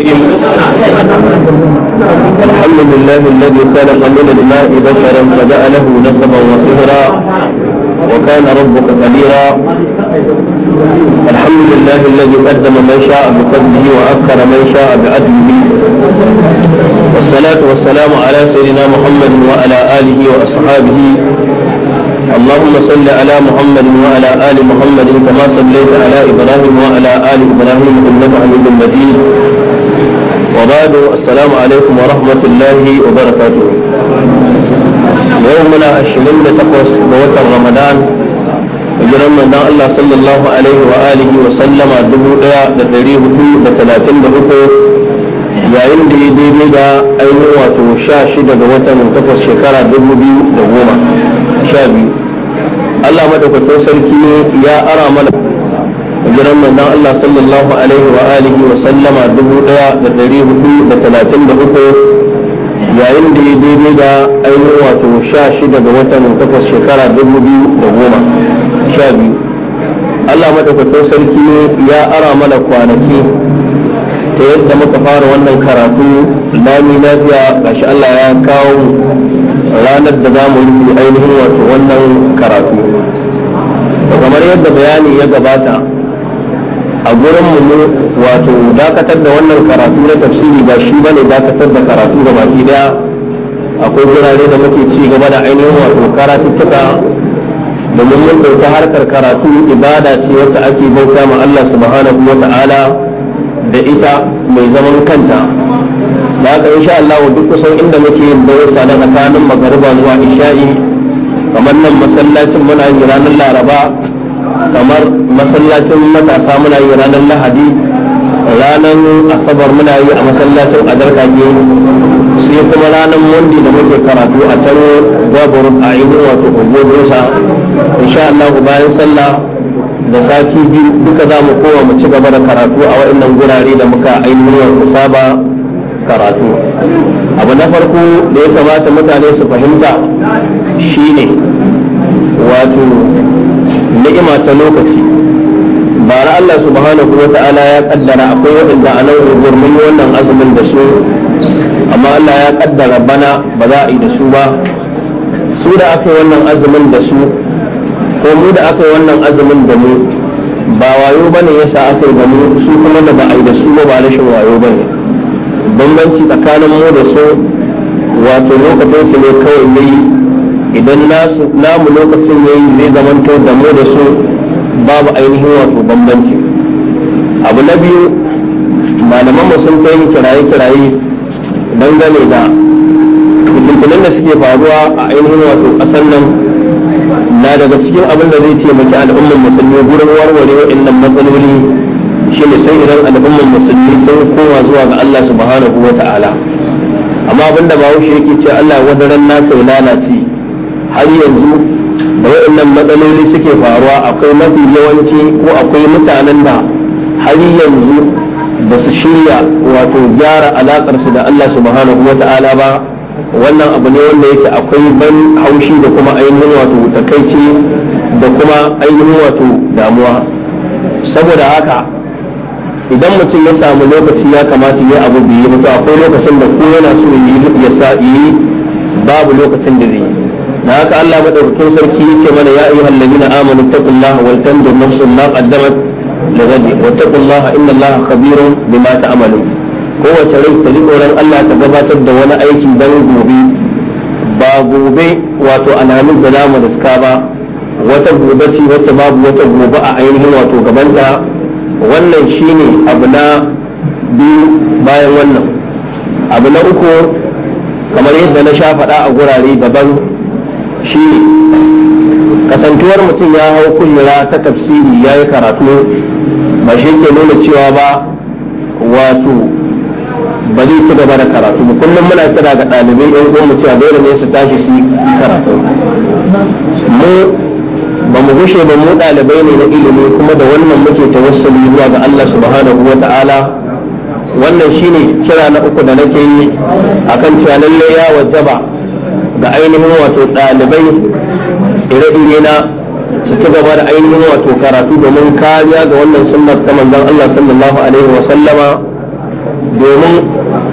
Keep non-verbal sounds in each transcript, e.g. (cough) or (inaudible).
الرحيم الحمد لله الذي خلق من الماء بشرا فجعله نسبا وصهرا وكان ربك قديرا الحمد لله الذي قدم من شاء بقدره واخر من شاء بعدله والصلاه والسلام على سيدنا محمد وعلى اله واصحابه اللهم صل على محمد وعلى آل محمد كما صليت على إبراهيم وعلى آل إبراهيم إنك حميد مجيد وبعد السلام عليكم ورحمة الله وبركاته يومنا الشمال تقوس بوت رمضان جرم من الله صلى الله عليه وآله وسلم دبوء لتريه لتلاتين دبوء yayin da ya daidai da ainihin wato sha shida ga watan takwas shekara dubu biyu da goma sha biyu Allah madaukakin sarki ya ara mana hijiran manzon Allah sallallahu alaihi wa alihi wa sallama dubu daya da dari hudu da talatin da uku yayin da ya daidai da ainihin wato sha shida ga watan takwas shekara dubu biyu da goma sha biyu Allah madaukakin sarki ya ara mana kwanaki ta yadda muka fara wannan karatu lami lafiya gashi Allah ya kawo ranar da za mu yi ainihin wato wannan karatu kamar yadda bayani ya gabata a gurin mu wato dakatar da wannan karatu na tafsiri ba shi bane dakatar da karatu ga baki daya akwai gurare da muke ci gaba da ainihin wato karatuttuka domin mun ɗauki harkar karatu ibada ce ake bauta ma Allah subhanahu wa ta'ala da ita mai zaman kanta da haka insha Allah duk kusan inda muke yin darussa na tsakanin magariba zuwa isha'i kamar nan masallacin muna yin ranar laraba kamar masallacin matasa muna yi ranar lahadi ranar asabar muna yi a masallacin ke, sai kuma ranar mundi da muke karatu a can babur a ainihin wato kogodosa insha Allah bayan sallah da sati biyu duka za mu kowa mu ci gaba da karatu a waɗannan gurare da muka ainihin wato saba karatu abu na farko da ya kamata mutane su fahimta shine wato ni'ima ta lokaci bara Allah subhanahu wa ta'ala ya kaddara akwai waɗanda a nau'in gurmin wannan azumin da su amma Allah ya kaddara bana ba za a yi da su ba su da aka wannan azumin da su ko mu da aka wannan azumin da mu ba wayo bane yasa aka yi da mu su kuma da ba a yi da su ba ba rashin wayo bane bambanci tsakanin mu da su wato lokacin su ne kawai mai idan namu lokacin ya yi zai zamanto da mu da su babu ainihin wato bambanci abu na biyu malamanmu sun kai kiraye-kiraye dangane da dukkanin da suke faruwa a ainihin wato ƙasar nan na daga cikin abin da zai taimaki al'ummar musulmi gurin warware wa'annan matsaloli shine sai idan al'ummar musulmi sun koma zuwa ga Allah subhanahu wa ta'ala amma abin da ya yake ce Allah wadaran na kai lalace har yanzu da waɗannan matsaloli suke faruwa akwai mafi yawanci ko akwai mutanen da har yanzu ba su shirya wato gyara alaƙarsu da Allah subhanahu wa ta'ala ba wannan abu ne wanda yake akwai ban haushi da kuma ainihin wato takaici da kuma ainihin wato damuwa saboda haka idan mutum ya samu lokaci ya kamata ya abu biyu mutu akwai lokacin da ko yana so yi ya sa yi babu lokacin da zai da haka Allah madaukakin sarki yake mana ya ayyuhal ladina amanu taqullaha wal tanzur nafsun ma qaddamat li wa taqullaha inna Allaha khabirun bima ta'malun kowace rai ta ji Allah ta gabatar da wani aiki dan gobe ba gobe wato alamun da zamu riska ba wata gobe ce wata babu wata gobe a ainihin wato gabanta wannan shine abu na biyu bayan wannan abu na uku kamar yadda na sha faɗa a gurare daban shi kasantuwar mutum ya hau kujera ta tafsiri ya yi karatu ba shi ke nuna cewa ba wato ba zai ci gaba da karatu ba kullum muna kira ga ɗalibai ɗan goma cewa dole ne su tashi su yi karatu mu ba mu gushe ba mu ɗalibai ne na ilimi kuma da wannan muke wasu zuwa ga Allah subhanahu wa ta'ala wannan shine kira na uku da nake yi akan cewa lalle ya wajaba da ainihin wato ɗalibai ire-ire na su ci gaba da ainihin wato karatu domin kariya ga wannan sunnar ta manzon Allah sallallahu alaihi wa sallama domin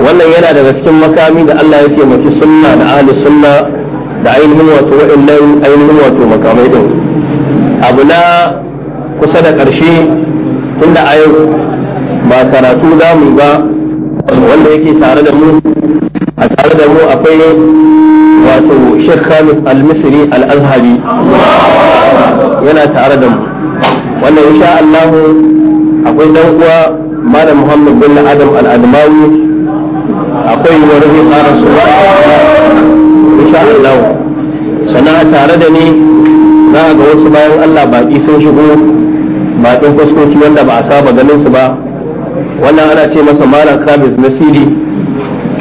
wannan yana daga cikin makami da Allah ya taimaki sunna da ahli sunna da ainihin wato waɗannan ainihin wato makamai din abu na kusa da ƙarshe tunda a yau ba karatu zamu mu ba wanda yake tare da mu a tare da mu akwai wato Sheikh Khamis Al-Misri Al-Azhari yana tare da mu wannan insha Allah akwai dan uwa Malam Muhammad bin Adam Al-Admawi akwai wani zai fara su insha Allah sana tare da ni za ga wasu bayan Allah baki sun shigo bakin fuskoki wanda ba a saba ganin su ba wannan ana ce masa Malam Khamis Nasiri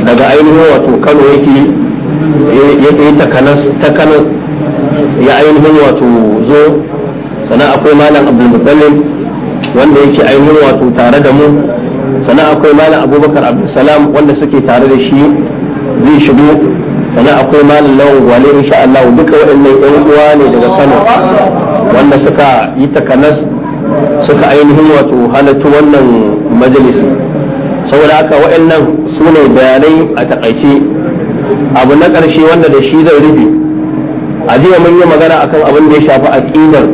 daga ainihin wato kano yake yi ta kano ya ainihin wato zo sannan akwai malam abdulmutsallim wanda yake ainihin wato tare da mu sannan akwai malam abubakar abdulsalam wanda suke tare da shi zai shigo sannan akwai malam lawan gwale insha Allah duka waɗannan ɗan uwa ne daga kano wanda suka yi takanas suka ainihin wato halattu wannan majalisi saboda haka waɗannan su ne bayanai a takaice abu na ƙarshe wanda da shi zai rufe a jiya mun yi magana akan abin da ya shafi aƙidar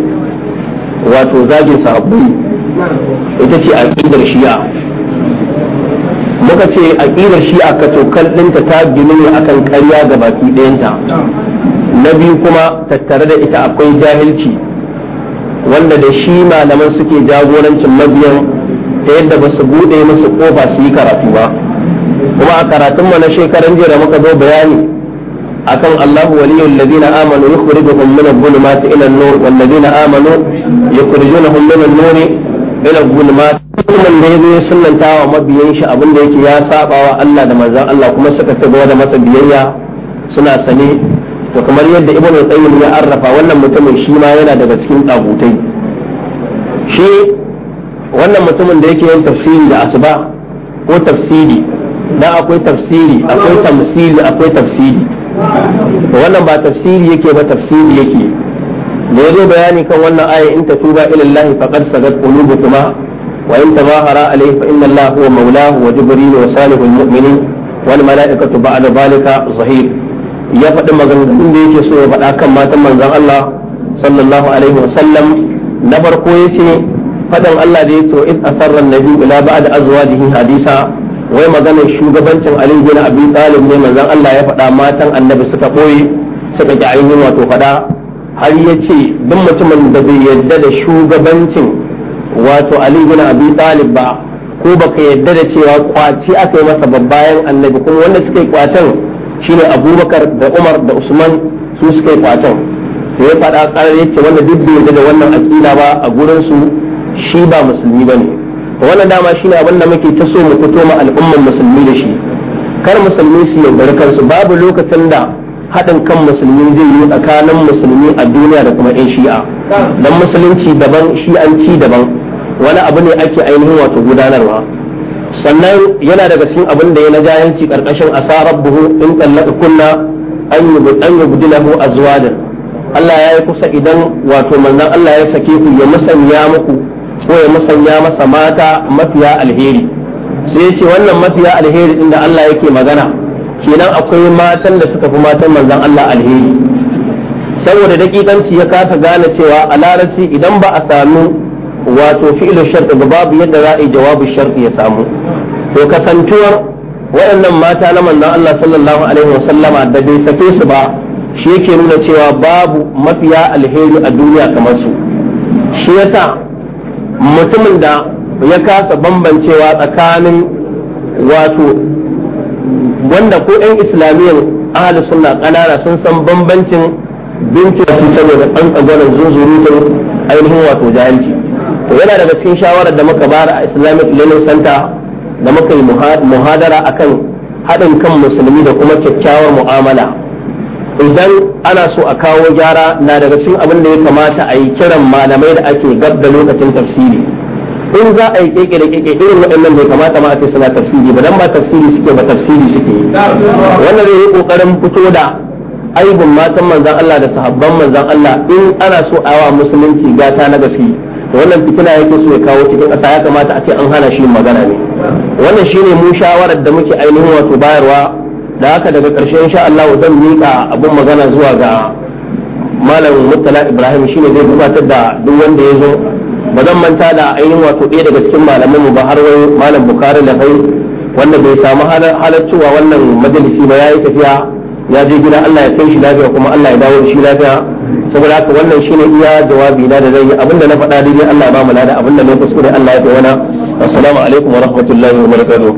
wato zagin sahabbai ita ce aƙidar shi'a muka ce aƙidar shi'a ka tokal ɗinta ta gini ne akan ƙarya ga baki ɗayanta na biyu kuma tattare da ita akwai jahilci wanda da shi malaman suke jagorancin mabiyan ta yadda ba su buɗe musu kofa su yi karatu ba kuma a karatunmu na shekaran jiya da muka zo bayani akan Allahu waliyul ladina amanu yukhrijuhum min adh-dhulumati ila an-nur wal ladina amanu yukhrijunahum min an-nur ila adh-dhulumat kullum da yazo ya sunnanta wa mabiyan shi abin da yake ya saba Allah da manzon Allah kuma suka ci gaba da masa biyayya suna sane to kamar yadda ibnu qayyim ya arrafa wannan mutumin shi ma yana daga cikin dagutai shi wannan mutumin da yake yin tafsiri da asuba ko tafsiri dan akwai tafsiri akwai tamsili akwai tafsiri wannan ba tafsiri yake ba tafsiri yake da yazo bayani kan wannan aya in tatuba ila Allah faqad sadat qulubukuma wa in tazahara alayhi fa inna Allah huwa mawlahu wa jibril wa salihul mu'minin wal mala'ikatu ba'da zalika zahir ya faɗi maganganun da yake so ya faɗa kan matan manzon Allah sallallahu alaihi wa sallam na farko yace fadan Allah da yake in asarran nabi ila ba'da azwajihi hadisa wai maganar shugabancin Ali bin Abi Talib ne manzon Allah ya faɗa matan annabi suka boye suka ji ainihin wato faɗa har ya ce duk mutumin da bai yarda da shugabancin wato Ali bin Abi Talib ba ko baka yarda da cewa kwaci aka yi masa babbayan annabi kuma wanda suka yi kwacin shine Abubakar da Umar da Usman su suka yi kwacin sai ya faɗa ƙarar ce wanda duk bai yarda da wannan aƙida ba a gurin su shi ba musulmi bane wannan dama shine abin da muke ta so mu fito ma al'ummar musulmi da shi kar musulmi su yaudari kansu babu lokacin da haɗin kan musulmi zai yi tsakanin musulmi a duniya da kuma 'yan shi'a don musulunci daban shi'anci daban wani abu ne ake ainihin wato gudanarwa sannan yana daga cikin abin da ya na jayanci karkashin asarar buhu in tsallaka kunna an yi a zuwa Allah ya yi kusa idan wato manzon Allah ya sake ku ya musanya muku ko ya musanya masa mata mafiya alheri sai ce wannan mafiya alheri din da Allah yake magana kenan akwai matan da suka fi matan manzon Allah alheri saboda dakikanci ya kasa gane cewa a larabci idan ba a samu wato fi'ilu sharti ba babu yadda za a yi jawabu sharti ya samu to kasantuwar waɗannan mata na manzon Allah sallallahu alaihi wasallama da bai sake su ba shi yake nuna cewa babu mafiya alheri a duniya kamar su shi yasa mutumin da ya kasa bambancewa tsakanin wato wanda ko 'yan islamiyyar ahalus sunna kanana sun san bambancin binci su saboda an tsagwaron zunzurutun ainihin wato jahilci to yana daga cikin shawarar da muka bara a islamic learning center da muka yi muhadara akan haɗin kan musulmi da kuma kyakkyawar mu'amala idan ana so a kawo gyara na daga cikin abin da ya kamata a yi kiran malamai da ake gab da lokacin tafsiri in za a yi keke da keke irin waɗannan bai kamata ma a ce suna tafsiri ba dan ba tafsiri suke ba tafsiri suke wannan zai yi kokarin fito da aibin matan manzan Allah da sahabban manzan Allah in ana so a wa musulunci gata na gaske wannan fitina yake so ya kawo cikin ƙasa ya kamata a ce an hana shi magana ne wannan shine mu shawarar da muke ainihin wato bayarwa da haka daga ƙarshe insha Allah zan miƙa abin magana zuwa ga malam Murtala Ibrahim shine zai gabatar da duk wanda ya zo ba zan manta da ainihin wato ɗaya daga cikin mu ba har wai malam Bukhari Lafai wanda bai samu halartuwa wannan majalisi ba yayi tafiya ya je gida Allah ya kai shi lafiya kuma Allah ya dawo shi lafiya saboda haka wannan shine iya jawabi na da zai yi abinda na faɗa daidai Allah ya ba mu lada abinda na kuskure Allah ya bai wani. assalamu alaikum wa rahmatullahi wa barakatuh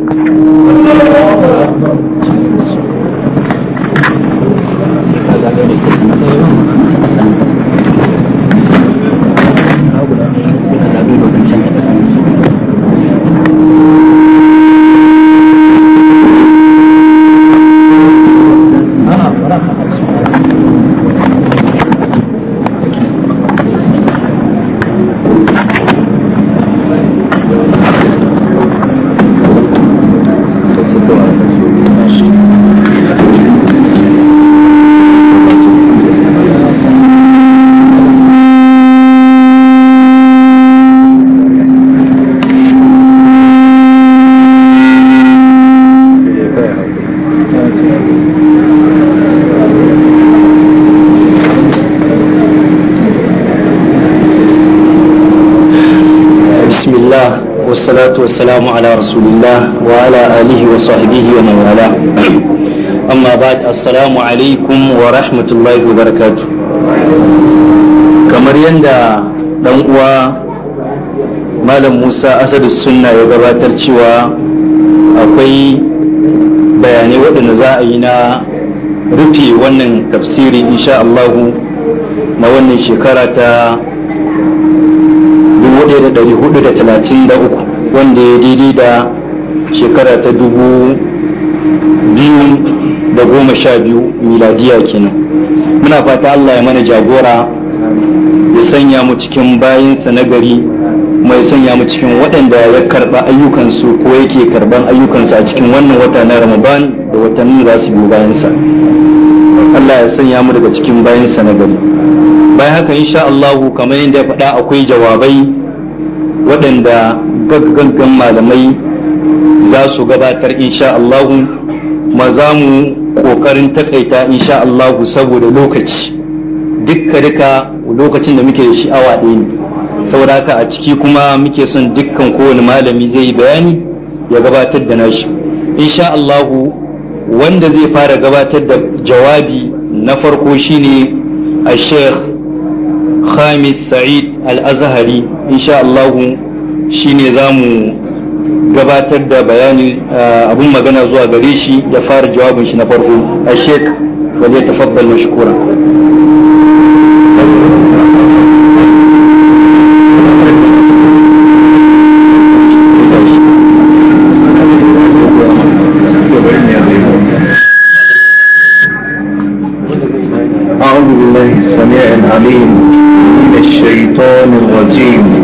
assalamu alaikum wa rahmatullahi wa barakatu kamar yadda dan uwa malam musa asadu sunna ya gabatar cewa akwai bayanai waɗanda za a yi na rufe wannan tafsiri insha Allahu na wannan shekara ta 1433 wanda ya daidai da shekara ta dubu biyu da goma sha biyu miladiya kenan muna fata Allah ya mana jagora ya sanya mu cikin bayansa na gari mai sanya mu cikin waɗanda ya karɓa ayyukansu ko yake karɓan ayyukansu a cikin wannan wata na ramadan da watannin za su biyu bayansa Allah ya sanya mu daga cikin bayansa na gari bayan haka insha Allah kamar yadda ya faɗa akwai jawabai waɗanda gaggan malamai za su gabatar insha Allah ma za mu kokarin takaita insha Allah saboda lokaci dukka duka lokacin da muke da shi awa ɗaya ne saboda haka a ciki kuma muke son dukkan kowane malami zai yi bayani ya gabatar da nashi insha Allah wanda zai fara gabatar da jawabi na farko shine a sheikh khamis sa'id al-azhari insha Allah shine zamu gabatar da bayani abun magana zuwa gare shi da fara jawabin shi na farko a sheik wale tafabbal shukura أعوذ بالله السميع العليم من الشيطان الرجيم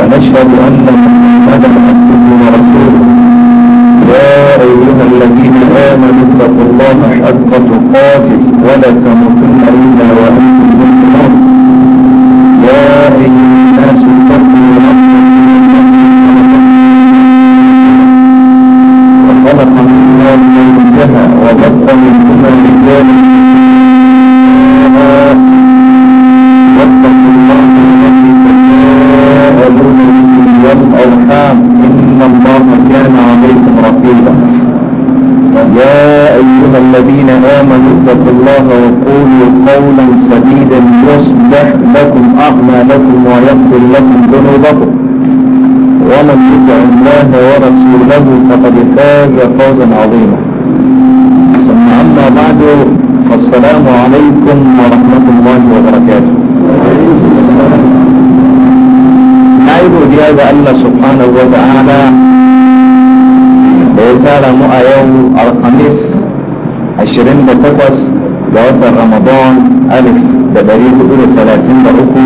ونشهد أن محمدا عبده ورسوله يا أيها الذين آمنوا اتقوا الله حق تقاته ولا تموتن إلا وأنتم مسلمون يا أيها يغفر لكم ذنوبكم ومن يطع الله ورسوله فقد فاز فوزا عظيما ثم اما بعد فالسلام عليكم ورحمه الله وبركاته نعيد بهذا الله سبحانه وتعالى da ya الخميس mu a yau رمضان الف ga watan ramadan alif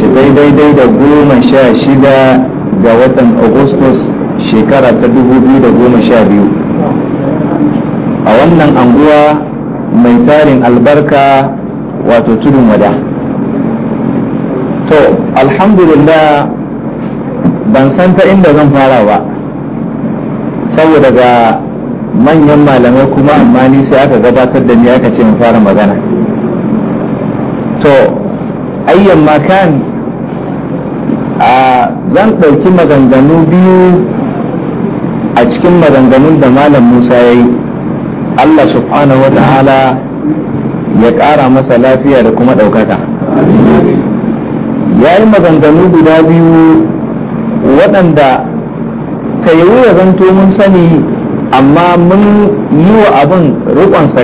wacce dai daidai da goma sha shida ga watan agustus shekara ta dubu biyu da goma sha biyu a wannan anguwa mai tarin albarka wato tudun wada to alhamdulillah ban san ta inda zan fara ba saboda ga manyan malamai kuma amma ni sai aka gabatar da ni aka ce in fara magana to ayyan makan a zan ɗauki maganganu biyu a cikin maganganun da malam musa ya yi allah subhanahu wa ta'ala ya ƙara masa lafiya da kuma ɗaukaka ya yi maganganu guda biyu waɗanda ta yiwu ya zanto mun sani amma mun yi wa abin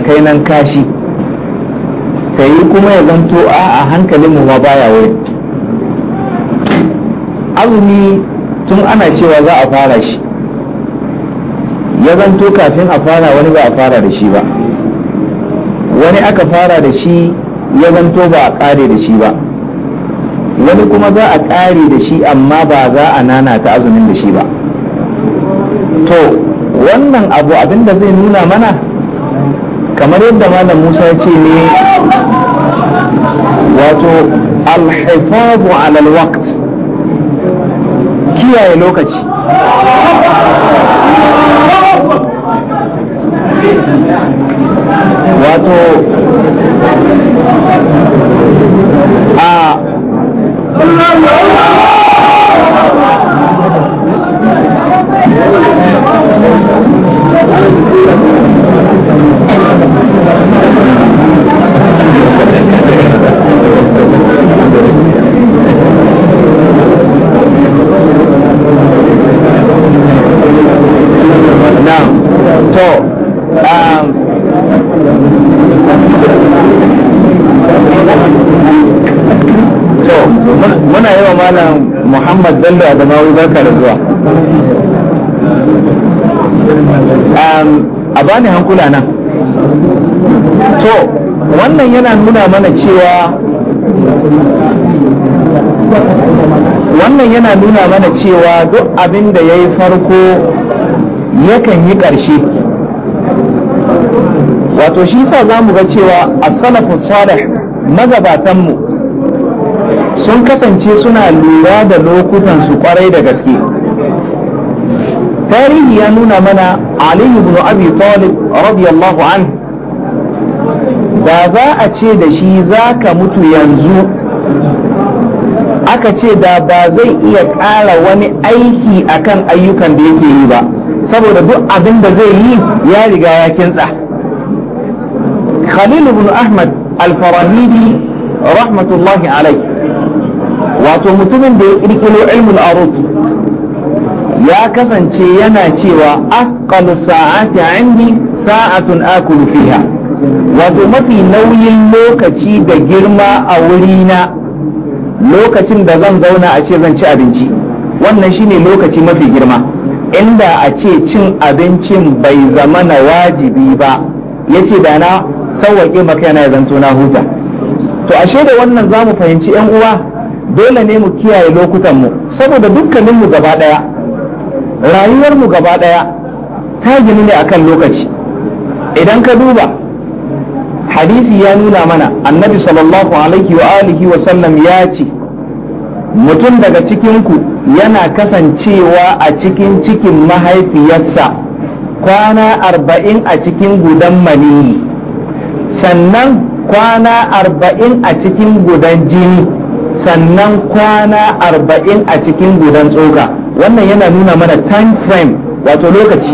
kai nan kashi ta yi kuma ya zanto a hankalinmu ma baya wuri azumi tun ana cewa za a fara shi ya zanto kafin a fara wani ba a fara da shi ba wani aka fara da shi ya zanto ba a kare da shi ba wani kuma za a kare da shi amma ba za a nana ta azumin da shi ba to wannan abu abinda zai nuna mana kamar yadda malam musa ce ne wato alhifazu alalwakt kiyaye lokaci wato a Thank Muhammad Bello Adamawi barka da zuwa um, a bani hankula nan to wannan yana nuna mana cewa wannan yana nuna mana cewa duk abin da ya yi farko yakan yi ƙarshe wato shi sa za mu ga cewa a salafin salih mu sun kasance suna lura da lokutan su kwarai da gaske tarihi ya nuna mana ali ibn abi talib radiyallahu an da za a ce da shi za ka mutu yanzu aka ce da ba zai iya ƙara wani aiki akan ayyukan da yake yi ba saboda duk abin da zai yi ya riga ya kintsa khalil ibn ahmad al-farahidi rahmatullahi alaihi wato mutumin da ya kirkiro ilmul aruf ya kasance yana cewa asqalu sa'ati indi sa'atun akulu fiha wato mafi nauyin lokaci da girma a wurina lokacin da zan zauna a ce zan ci abinci wannan shine lokaci mafi girma inda a ce cin abincin bai zama na wajibi ba yace da na sauwaƙe maka yana zanto na huta to ashe da wannan zamu fahimci yan uwa dole ne mu kiyaye lokutanmu saboda dukkaninmu gaba ɗaya, rayuwarmu gaba ɗaya, ta gini ne akan lokaci idan ka duba hadisi ya nuna mana annabi sallallahu alaihi wa alihi wa sallam ya ce mutum daga cikinku yana kasancewa a cikin cikin mahaifiyarsa kwana arba'in a cikin gudan maniyi sannan kwana arba'in a cikin gudan jini sannan kwana arba'in a cikin gudan tsoka wannan yana nuna mana time frame wato lokaci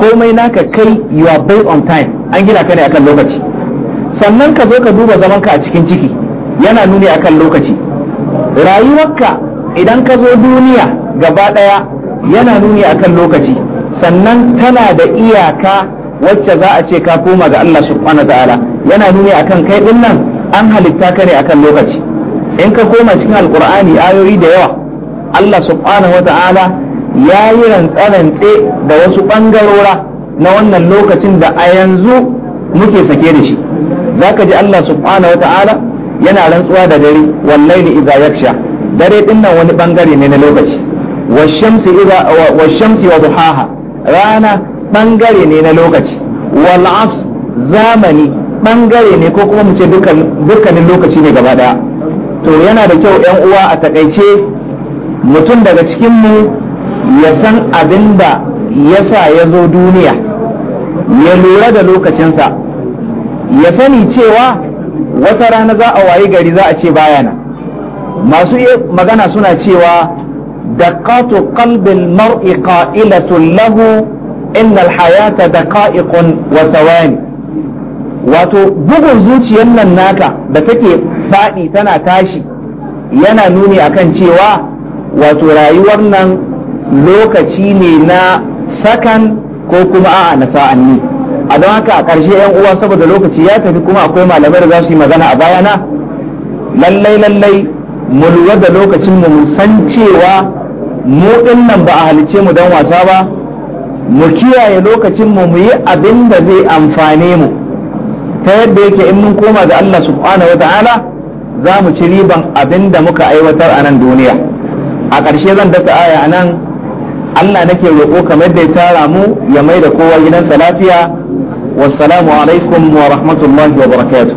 komai naka kai you are based on time an gina ka ne akan lokaci sannan ka zo ka duba zamanka a cikin ciki yana nuni akan lokaci rayuwarka idan ka zo duniya gaba ɗaya yana nuni akan lokaci sannan tana da iyaka wacce za a ce ka koma ga Allah subhanahu wa ta'ala yana nuni akan kai din an halitta ka ne akan lokaci in ka koma cikin alkur'ani ayoyi da yawa Allah subhanahu wata'ala ya yi rantsarantse da wasu ɓangarora na wannan lokacin da a yanzu muke sake da shi za ka ji Allah subhanahu wata'ala yana rantsuwa da dare wallahi iza yaksha dare dinnan wani bangare ne na lokaci washamsi iza washamsi wa duhaha rana ɓangare ne na lokaci Wal'as zamani bangare ne ko kuma mu ce dukkanin lokaci ne gaba daya to yana da kyau yan uwa a takaice mutum daga cikinmu ya san abin da ya sa ya zo duniya ya lura da lokacinsa ya sani cewa wata rana za a wayi gari za a ce bayana masu magana suna cewa دقات قلب المرء قائلة له hayata الحياة دقائق Wani, wato bugun zuciyar nan naka da take faɗi tana tashi yana nuni akan cewa wato rayuwar nan lokaci ne na sakan ko kuma a'a na sa'anni a don haka a ƙarshe 'yan uwa saboda lokaci ya tafi kuma akwai malamai da za su yi magana a bayana lallai lallai mu lura da lokacin mu san cewa mu nan ba a halice mu don wasa ba mu kiyaye lokacin mu mu yi abin da zai amfane mu ta yadda yake in mun koma ga Allah subhanahu wa ta'ala za mu ci riban abin da muka aiwatar a nan duniya a ƙarshe zan dasa aya a nan allah nake roƙo kamar da ya tara mu ya mai da kowa gidansa lafiya wassalamu alaikum wa rahmatullahi wa barakatu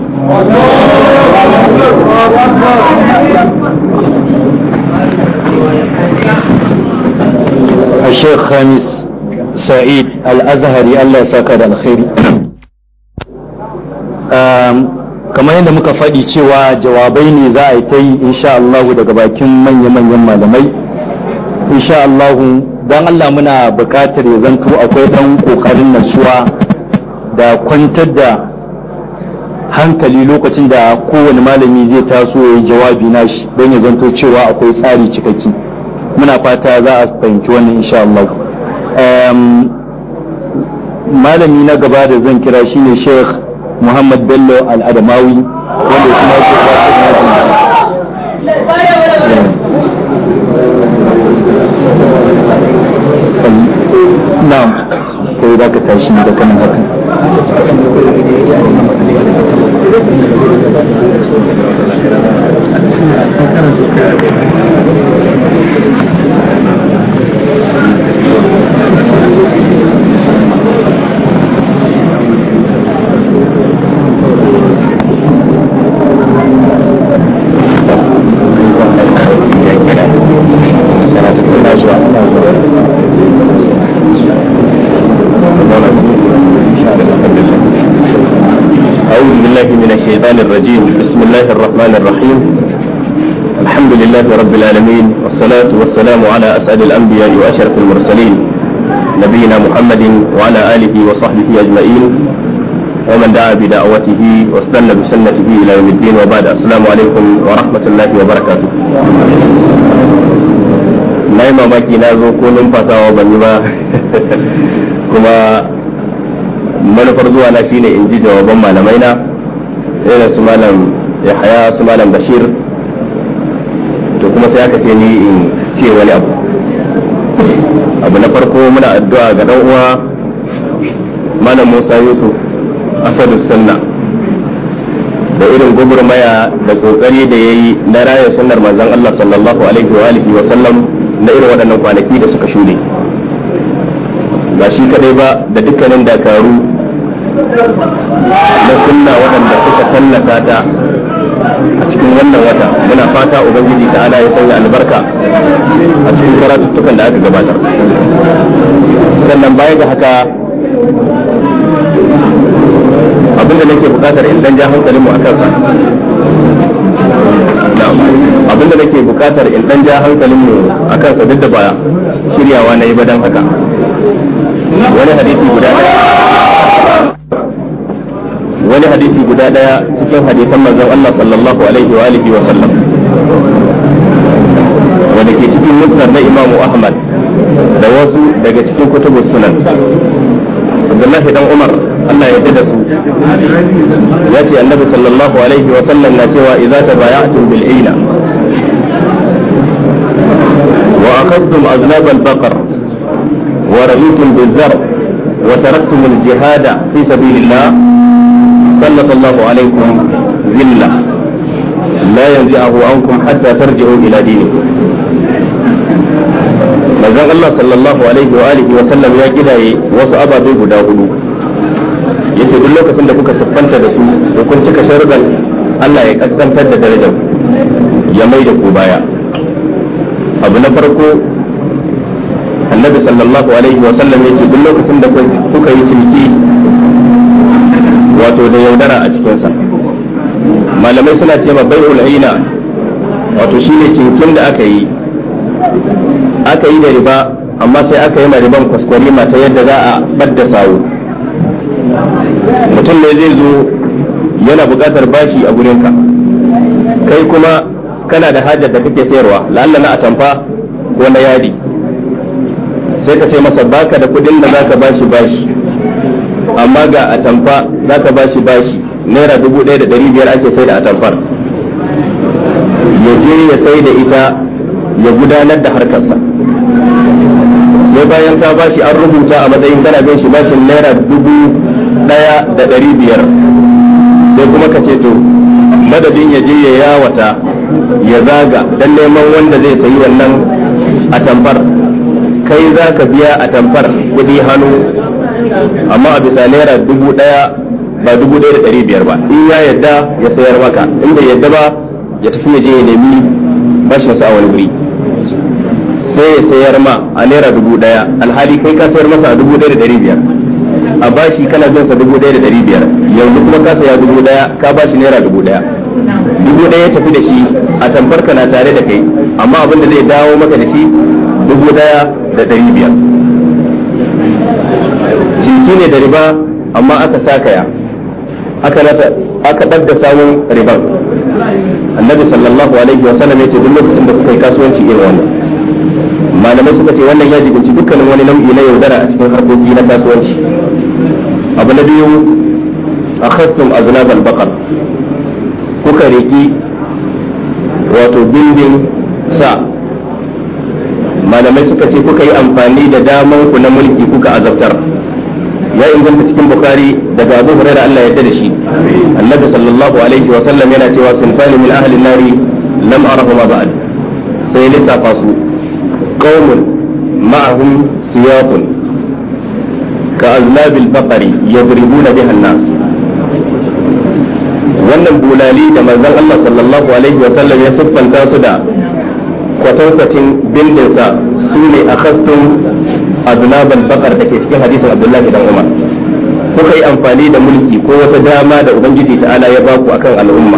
الشيخ خامس سعيد الأزهري الله da الخير (clears throat) kamar yadda muka faɗi cewa jawabai ne za a yi ta yi insha Allahu daga bakin manya-manyan malamai insha Allahu don Allah muna buƙatar ya zanto akwai ɗan ƙoƙarin natsuwa da kwantar da hankali lokacin da kowane malami zai taso ya yi jawabi shi don ya zanto cewa akwai tsari cikakki muna fata za a fahimci wannan insha Allah malami na gaba da zan kira shine Sheikh محمد بلو الأدماوي نعم في ذاك التعيشين ذاك من الشيطان الرجيم بسم الله الرحمن الرحيم الحمد لله رب العالمين والصلاة والسلام على أسعد الأنبياء وأشرف المرسلين نبينا محمد وعلى آله وصحبه أجمعين ومن دعا بدعوته واستنى بسنته إلى يوم الدين وبعد السلام عليكم ورحمة الله وبركاته نايمة نعم، باكي نازو na zo ko numfasawa ban yi ba kuma إنجي جوابا ما نمينا ɗaya su malam ya haya su malam bashir to kuma sai aka ce ni in ce wani abu abu na farko muna addu'a ga dan uwa malam musa yusuf asadu sunna da irin gugurmaya da kokari da yayi na raya sunnar manzon Allah sallallahu alaihi wa alihi wa sallam na irin waɗannan kwanaki da suka shuɗe ba shi kadai ba da dukkanin dakaru na sunna waɗanda suka tallata ta a cikin wannan wata muna fata ubangiji ta ala ya sanya albarka a cikin karatuttukan da aka gabatar sannan baya ga haka abinda nake bukatar in dan ja hankalin mu akan sa abinda nake bukatar in dan ja hankalin mu akan sa duk da ba shiryawa na yi ba dan haka wani hadisi guda ɗaya wani hadisi guda daya cikin hadisan manzon Allah sallallahu alaihi wa alihi wa sallam wanda ke cikin musnad na Imam Ahmad da wasu daga cikin kutubus sunan Abdullahi dan Umar Allah ya da su ya ce annabi sallallahu alaihi wa sallam na cewa idza tabaya'tum bil ina wa akhadtum aznab al baqar wa rabitum bil zar وتركتم الجهاد في سبيل الله سلط الله عليكم ذلة لا ينزعه عنكم حتى ترجعوا إلى دينكم manzon Allah sallallahu alaihi wa alihi wa sallam ya kidaye wasu ababe guda hudu yace duk lokacin da kuka siffanta da su ko kun cika sharuɗan Allah ya kaskantar da darajar ya mai da ku baya abu na farko annabi sallallahu alaihi wa sallam yace duk lokacin da kuka yi ciniki wato da yaudara a cikinsa malamai suna ce ma bai ulaina wato shine cinkin da aka yi aka yi da riba amma sai aka yi ma riban kwaskwari mata yadda za a badda sawu mutum ne zai zo yana bukatar bashi a gurinka kai kuma kana da hajar da kake sayarwa la'alla na atamfa ko na yadi sai ka ce masa baka da kudin da za ka bashi bashi amma ga atamfa za bashi bashi naira dubu ɗaya da ɗari biyar ake sai da atamfar ya je ya sai da ita ya gudanar da harkarsa sai bayan ta bashi an rubuta a matsayin kana bin shi bashin naira dubu ɗaya da ɗari biyar sai kuma ka ce to madadin ya je ya yawata ya zaga don neman wanda zai sayi wannan atamfar kai za ka biya atamfar kuɗi hannu amma a bisa naira dubu ɗaya ba dubu ɗaya da ɗari biyar ba in ya yadda ya sayar maka in bai yadda ba ya tafi ya je ya nemi bashin sa a wani wuri sai ya sayar ma a naira dubu ɗaya alhali kai ka sayar masa a dubu ɗaya da ɗari biyar a bashi kana bin sa dubu ɗaya da ɗari biyar yanzu kuma ka saya dubu ɗaya ka bashi naira dubu ɗaya dubu ɗaya ya tafi da shi a tamfar kana tare da kai amma abin da zai dawo maka da shi dubu ɗaya da ɗari biyar shi ne da riba amma aka sa kaya. aka rata aka badda samun riban annabi sallallahu alaihi wa sallam yace duk lokacin da kuka yi kasuwanci irin wannan malamai suka ce wannan ya jibinci dukkanin wani nau'i na yaudara a cikin harkoki na kasuwanci abu na biyu a aznab al-baqar kuka riki wato bindin sa malamai suka ce kuka yi amfani da daman ku na mulki kuka azabtar ya inganta cikin bukari daga Abu Hurairah Allah ya yarda shi Annabi sallallahu alaihi wa sallam yana cewa sinfani min ahli nari lam arahuma ba'd sai lissafa su qaumun ma'ahum siyatun ka azlabil baqari yadribuna biha an-nas wannan bulali da manzon Allah sallallahu alaihi wa sallam ya siffanta su da kwatankwacin bindinsa su ne a kastun adunaban bakar da ke cikin hadisin abdullahi dan umar kuka yi amfani da mulki ko wata dama da ubangiji ta'ala ya baku akan al'umma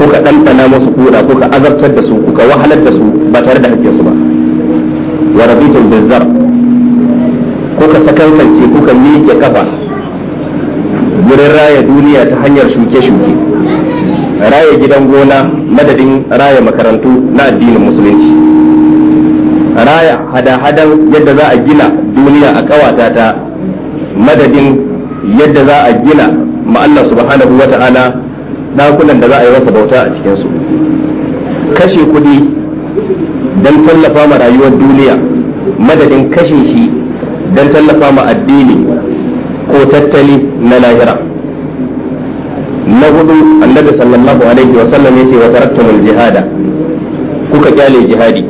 kuka ɗanɗana musu kuɗa kuka azabtar da su kuka wahalar da su ba tare da hakkin su ba wa rabitul bizar kuka sakankance kuka miƙe kafa gurin raya duniya ta hanyar shuke-shuke raya gidan gona madadin raya makarantu na addinin musulunci raya hada-hadan yadda za a gina duniya a ƙawata ta madadin yadda za a gina ma Allah subhanahu wa ta'ala dakunan da za a yi masa bauta a cikinsu. su kashe kuɗi don tallafa ma rayuwar duniya madadin kashe shi don tallafa ma addini ko tattali na lahira na hudu annabi sallallahu alaihi wa sallam yace wa taraktumul jihada kuka kyale jihadi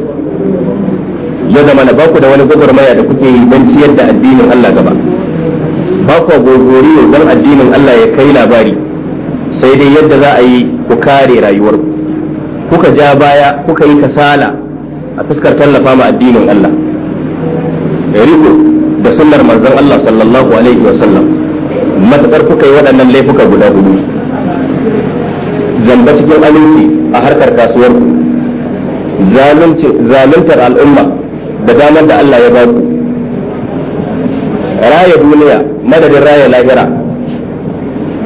ya zama na baku da wani gwagwarmaya da kuke yi don ciyar da addinin Allah gaba ba ku gogoriyo don addinin Allah ya kai labari sai dai yadda za a yi ku kare rayuwar kuka ja baya kuka yi kasala a fuskar tallafa ma addinin Allah riko da sunnar manzon Allah sallallahu alaihi wa sallam matakar kuka yi waɗannan laifuka guda hudu zamba cikin aminci a harkar kasuwar zaluntar al'umma da damar da Allah ya ba ku raya duniya madadin raya lahira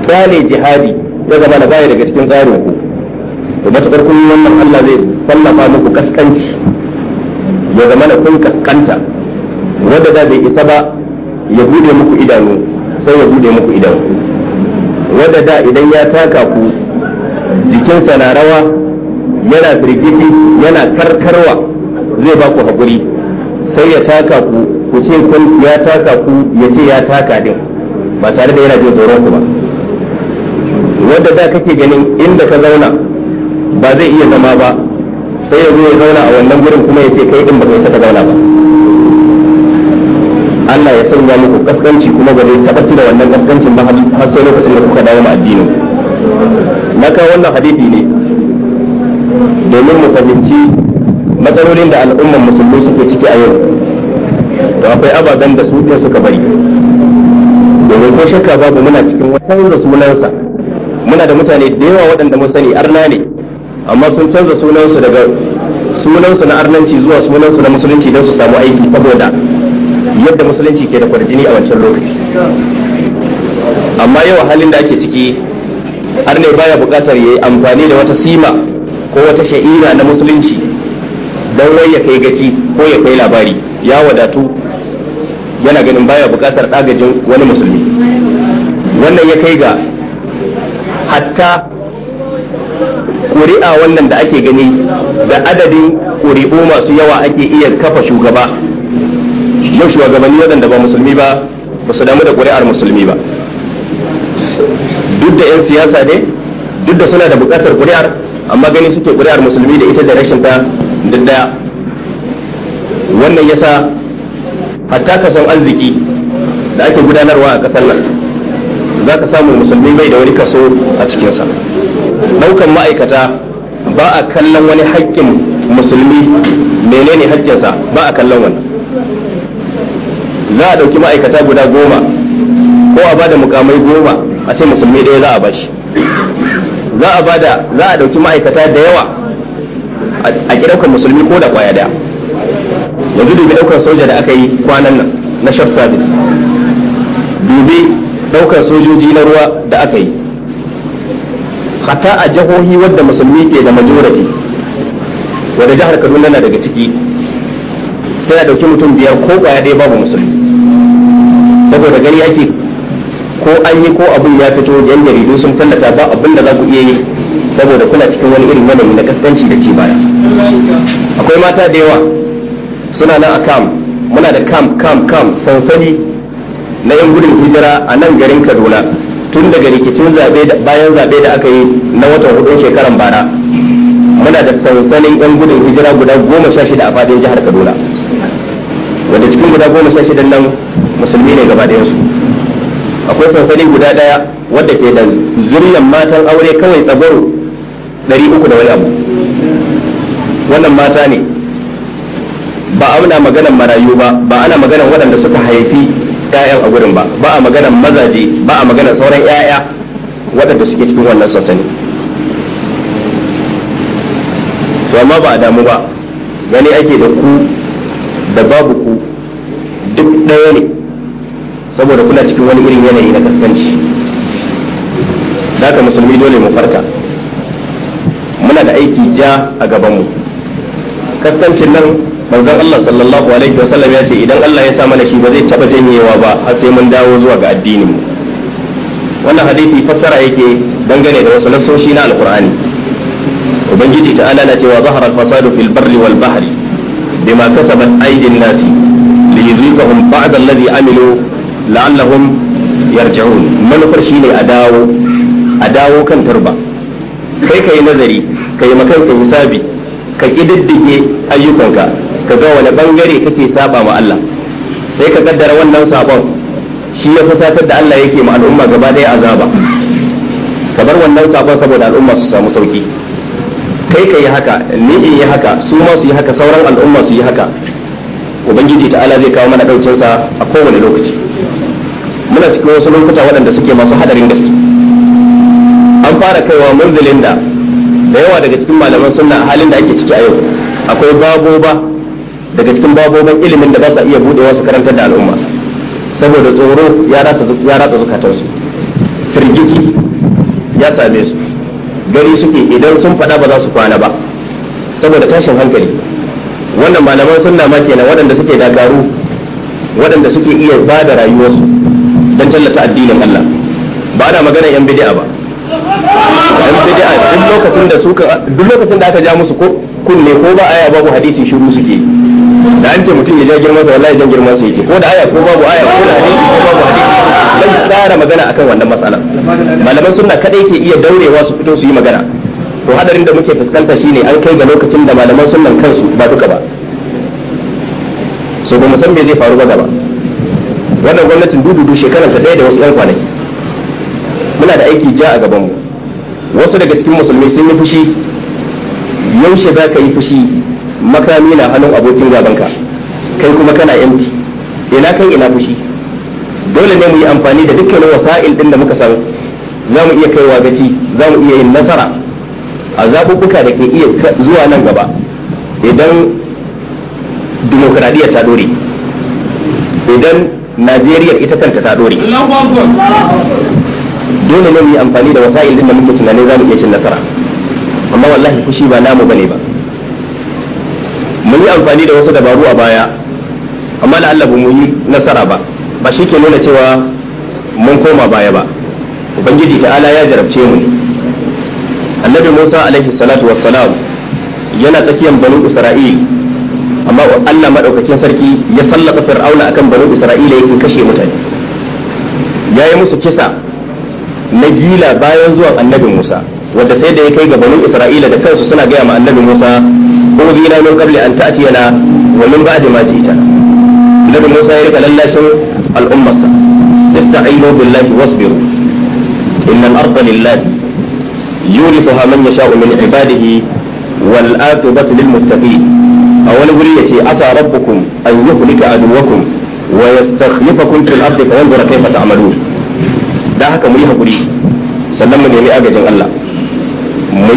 kyale jihadi ya zama na baya daga cikin tsarin ku to matakar kun wannan Allah zai sallafa muku kaskanci ya zama na kun kaskanta wanda da bai isa ba ya bude muku idanu sai ya bude muku idanu wanda da idan ya taka ku jikinsa na rawa yana firgiti yana karkarwa zai ba ku haƙuri sai ya taka ku ku ce kun ya taka ku ya ce ya taka din ba tare da yana jin tsoron ku ba wanda da kake ganin inda ka zauna ba zai iya zama ba sai ya zo ya zauna a wannan gurin kuma ya ce kai din ba kai saka zauna ba Allah ya sanya muku kaskanci kuma ba zai taɓa da wannan kaskancin ba har sai lokacin da kuka dawo ma na kawo wannan hadisi ne domin mu fahimci matsalolin da al'ummar musulmi suke ciki a yau Da akwai ababen da su suka bari domin ko shakka babu muna cikin canza sunansa muna da mutane da yawa waɗanda mun sani arna ne amma sun canza sunansu daga sunansu na arnanci zuwa sunansu na musulunci don su samu aiki saboda yadda musulunci ke da kwarjini a wancan lokaci amma yawa halin da ake ciki har ne baya buƙatar ya yi amfani da wata sima ko wata sha'ira na musulunci don wai ya kai gaci ko ya kai labari ya wadatu yana ganin baya bukatar agajin wani musulmi wannan ya kai ga hatta ƙuri'a wannan da ake gani da adadin ƙuri'u masu yawa ake iya kafa shugaba yau shugabanni waɗanda ba musulmi ba ba su damu da kuri'ar musulmi ba duk da 'yan siyasa ne duk da suna da bukatar ƙuri'ar amma gani suke ƙuri'ar musulmi da ita da rashin ta duk daya wannan ya sa, hatta ka san arziki da ake gudanarwa a kasar nan za ka samu musulmi bai da wani kaso a cikinsa daukan ma'aikata ba a kallon wani haƙƙin musulmi menene haƙƙinsa ba a kallon wani. za a ɗauki ma'aikata guda goma ko a bada mukamai goma a ce musulmi ɗaya za a bashi za a bada za a ɗauki ma'aikata da yawa a ƙi musulmi ko da ƙwaya daya yanzu dubi daukar soja da aka yi kwanan nan na shaf service dubi ɗaukar sojoji na ruwa da aka yi hatta a jihohi wadda musulmi ke da majority wadda jihar kaduna na daga ciki sai a dauki mutum biyar ko kwaya ɗaya babu musulmi saboda gani yake ko an yi ko abin ya fito yan jaridu sun tallata ba abin da za ku iya yi saboda kuna cikin wani irin yanayi na kaskanci da ci baya akwai mata da yawa suna nan a kam muna da kam kam kam sansani na yan gudun hijira a nan garin kaduna tun daga rikicin zabe bayan zabe da aka yi na watan hudun shekaran bara muna da sansanin yan gudun hijira guda goma sha shida a fadin jihar kaduna wanda cikin guda goma sha shida nan musulmi ne gaba ɗayansu akwai sansani guda ɗaya wadda ke da zuriyar matan aure kawai tsagoro ɗari uku da wani abu wannan mata ne ba ana maganar marayu ba ba ana maganar waɗanda suka haifi ƴaƴan a gurin ba ba a maganar mazaje ba a maganar sauran 'ya'ya, waɗanda suke cikin wannan sansani to amma ba a damu ba gani ake da ku da babu ku duk ɗaya ne saboda kuna cikin wani irin yanayi na kaskanci ka musulmi dole mu farka muna da aiki ja a gabanmu kaskancin nan manzon Allah sallallahu alaihi wasallam ya ce idan Allah ya sa mana shi ba zai taba janyewa ba har sai mun dawo zuwa ga addinin mu wannan hadisi fassara yake dangane da wasu nasoshi na alqur'ani ubangiji ta'ala na cewa zahara al-fasadu fil barri wal bahri bima kasabat aydin nasi liyuziqahum ba'd alladhi amilu la'allahum yarji'un manufar shine a dawo a dawo kan turba kai kai nazari kai makanka hisabi ka kididdige ayyukanka ka ga wani bangare kake saba ma Allah sai ka kaddara wannan sabon shi ya fusatar da Allah yake ma al'umma gaba daya azaba ka bar wannan sabon saboda al'umma su samu sauki kai ka yi haka ni in yi haka su ma su yi haka sauran al'umma su yi haka ubangiji ta'ala zai kawo mana daukin sa a kowane lokaci muna cikin wasu lokuta waɗanda suke masu hadarin gaske an fara kaiwa munzilin da da yawa daga cikin malaman sunna halin da ake ciki a yau akwai babo ba daga cikin babobin ilimin da ba sa iya budewa su karantar da al'umma saboda tsoro ya ratsa zukatansu firgici ya same su gari suke idan sun faɗa ba za su kwana ba saboda tashin hankali wannan malaman sunna ma kenan waɗanda suke dagaru waɗanda suke iya ba da rayuwarsu don tallata addinin Allah ba ana magana yan bidi'a ba yan bidi'a duk lokacin da suka duk lokacin da aka ja musu kunne ko ba aya babu hadisi shiru suke da an ce mutum ya ja girman sa wallahi jan girman sa yake ko da aya ko babu aya ko da hadisi ko babu hadisi dan tsara magana akan wannan matsala malaman sunna kadai ke iya daurewa su fito su yi magana to hadarin da muke fuskanta shine an kai ga lokacin da malaman sunnan kansu ba duka ba so ba san me zai faru ba gaba wannan gwamnatin dududu shekarar ta ɗaya da wasu 'yan kwanaki muna da aiki ja a gaban mu. wasu daga cikin musulmi sun yi fushi yaushe za ka yi fushi makami na hannun abokin gabanka kai kuma kana yanci ina kai ina fushi dole ne mu yi amfani da dukkanin wasa'il din da muka san za mu iya kaiwa gaci za mu iya yin nasara a zabubbuka da ke iya zuwa nan gaba idan dimokuraɗiyyar ta dore idan najeriya ita kanta ta dore dole ne mu yi amfani da wasa'il din da muke tunanin za mu iya cin nasara amma wallahi fushi ba namu bane ba mun yi amfani da wasu dabaru a baya amma da Allah ba mu yi nasara ba ba shi ke nuna cewa mun koma baya ba ubangiji ta'ala ya jarabce mu annabi Musa alaihi salatu wassalam yana tsakiyar banu Isra'il amma Allah madaukakin sarki ya sallaka fir'auna akan banu Isra'ila yake kashe mutane ya yi musu kisa na gila bayan zuwan annabi Musa wanda sai da ya kai ga banu Isra'ila da kansu suna gaya ma annabi Musa urdina min qabli an ta'tiyana wa min ba'di ma ji'tana Nabi Musa ya rika lallashin al'ummarsa istaeenu billahi wasbiru innal arda lillahi yurithuha man yasha'u min a wani guri yace asa rabbukum an yuhlika aduwakum wa yastakhlifakum fil ardi haka mu hakuri sannan agajin Allah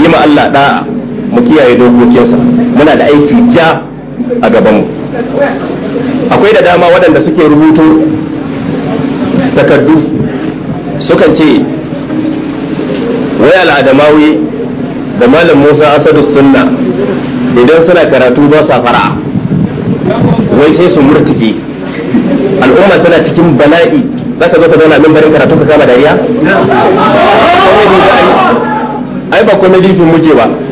ma Allah mu kiyaye dokokinsa muna da aiki ja a gabanmu akwai da dama waɗanda suke rubutu takardu sukan ce wai al'adamawi da malam musa asadu sunna idan suna karatu ba sa fara wai sai su murtike al'umma tana cikin bala'i za ka zo ka zauna min barin karatu ka kama dariya ai ba komedi fi muke ba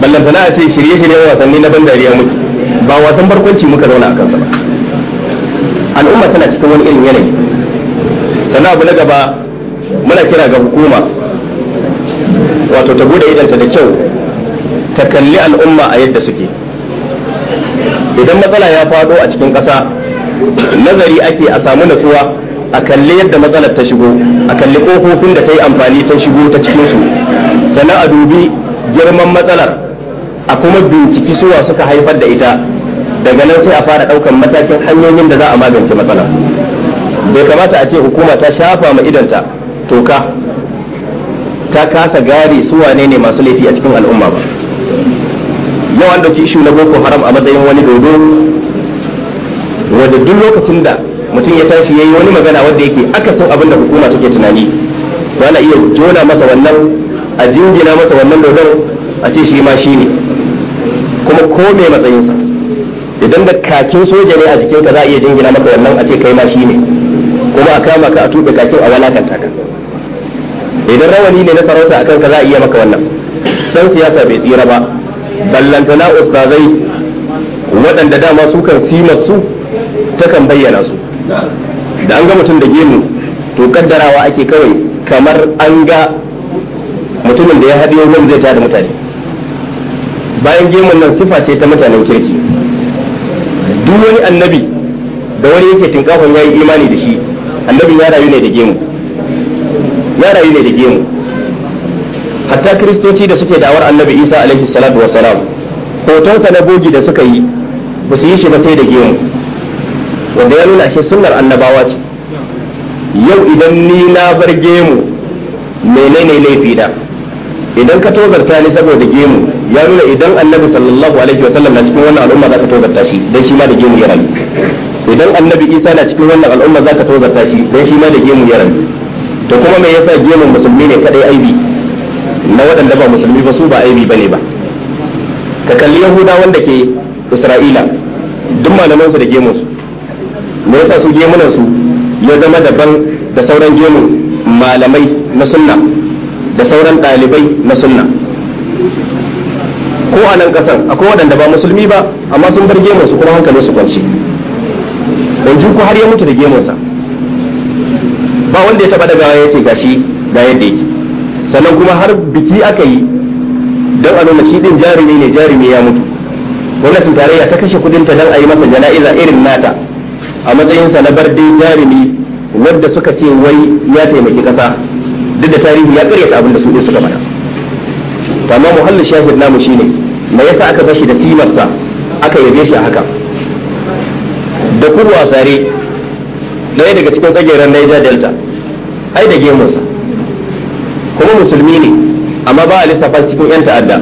ballan sana a ce shirye-shiryen wasanni na ban dariya muke ba wasan barkwanci muka zauna a kansa ba al'umma tana cikin wani irin yanayi sannan abu na gaba muna kira ga hukuma wato ta bude idanta da kyau ta kalli al'umma a yadda suke idan matsala ya faɗo a cikin ƙasa nazari ake a samu natsuwa a kalli yadda matsalar ta shigo a kalli ƙofofin da ta yi amfani ta shigo ta cikin su sannan a dubi girman matsalar a kuma binciki suwa suka haifar da ita daga nan sai a fara ɗaukar matakin hanyoyin da za a magance matsala bai kamata a ce hukuma ta shafa ma idanta toka ta kasa gari su wane ne masu laifi a cikin al'umma ba yau an dauki ishu na boko haram a matsayin wani dodo wanda duk lokacin da mutum ya tashi yayi wani magana wanda yake aka san abin da hukuma take tunani ba na iya jona masa wannan a jingina masa wannan dodon a ce shi ma shi ne kuma ko mai matsayinsa idan da kakin soja ne a jikinka za a iya jingina maka wannan a ce kai ma shi ne kuma a kama ka a tuɓe kakin a walakanta ka idan rawani ne na sarauta a kanka za a iya maka wannan dan siyasa bai tsira ba ballantana ustazai waɗanda dama su kan simar su ta kan bayyana su da an ga mutum da gemu to kaddarawa ake kawai kamar an ga mutumin da ya haɗe wani zai ta da mutane bayan gemun nan sifa ce ta mutanen kirki duk wani annabi da wani yake tinkafon ya yi imani da shi annabi ya rayu ne da gemu ya rayu ne da gemu hatta kiristoci da suke da'awar annabi isa alaihi salatu wa salam hotonsa na bogi da suka yi ba su yi shi ba sai da gemu wanda ya nuna shi sunnar annabawa ce yau idan ni na bar gemu menene laifi da idan ka tozarta ni saboda gemu ya nuna idan annabi sallallahu alaihi wasallam na cikin wannan al'umma zaka tozarta shi dan shi ma da gemu yaran idan annabi isa na cikin wannan al'umma zaka tozarta shi dan shi ma da gemu yaran to kuma me yasa gemun musulmi ne kadai aibi na waɗanda ba musulmi ba su ba aibi bane ba ka kalli yahuda wanda ke isra'ila duk malamansu da gemu su me yasa su gemunan su ya zama daban da sauran gemu malamai na sunna da sauran ɗalibai na sunna ko a nan kasar akwai waɗanda ba musulmi ba amma sun bar gemunsu su kuma hankalin su kwanci kwance ko har ya mutu da gemunsa ba wanda ya taba daga ya ce gashi ga yadda yake sannan kuma har biki aka yi don a nuna shi din jarumi ne jarumi ya mutu gwamnatin tarayya ta kashe ta don a yi masa jana'iza irin nata a matsayinsa na bar bardin jarumi wadda suka ce wai ya taimaki kasa duk da tarihi ya karyata abin da su ne suka faɗa amma muhallin shahid namu shine me yasa aka bashi da simarsa aka yabe shi haka da kurwa sare ɗaya daga cikin tsageren Niger Delta ai da gemunsa kuma musulmi ne amma ba a lissafa cikin 'yan ta'adda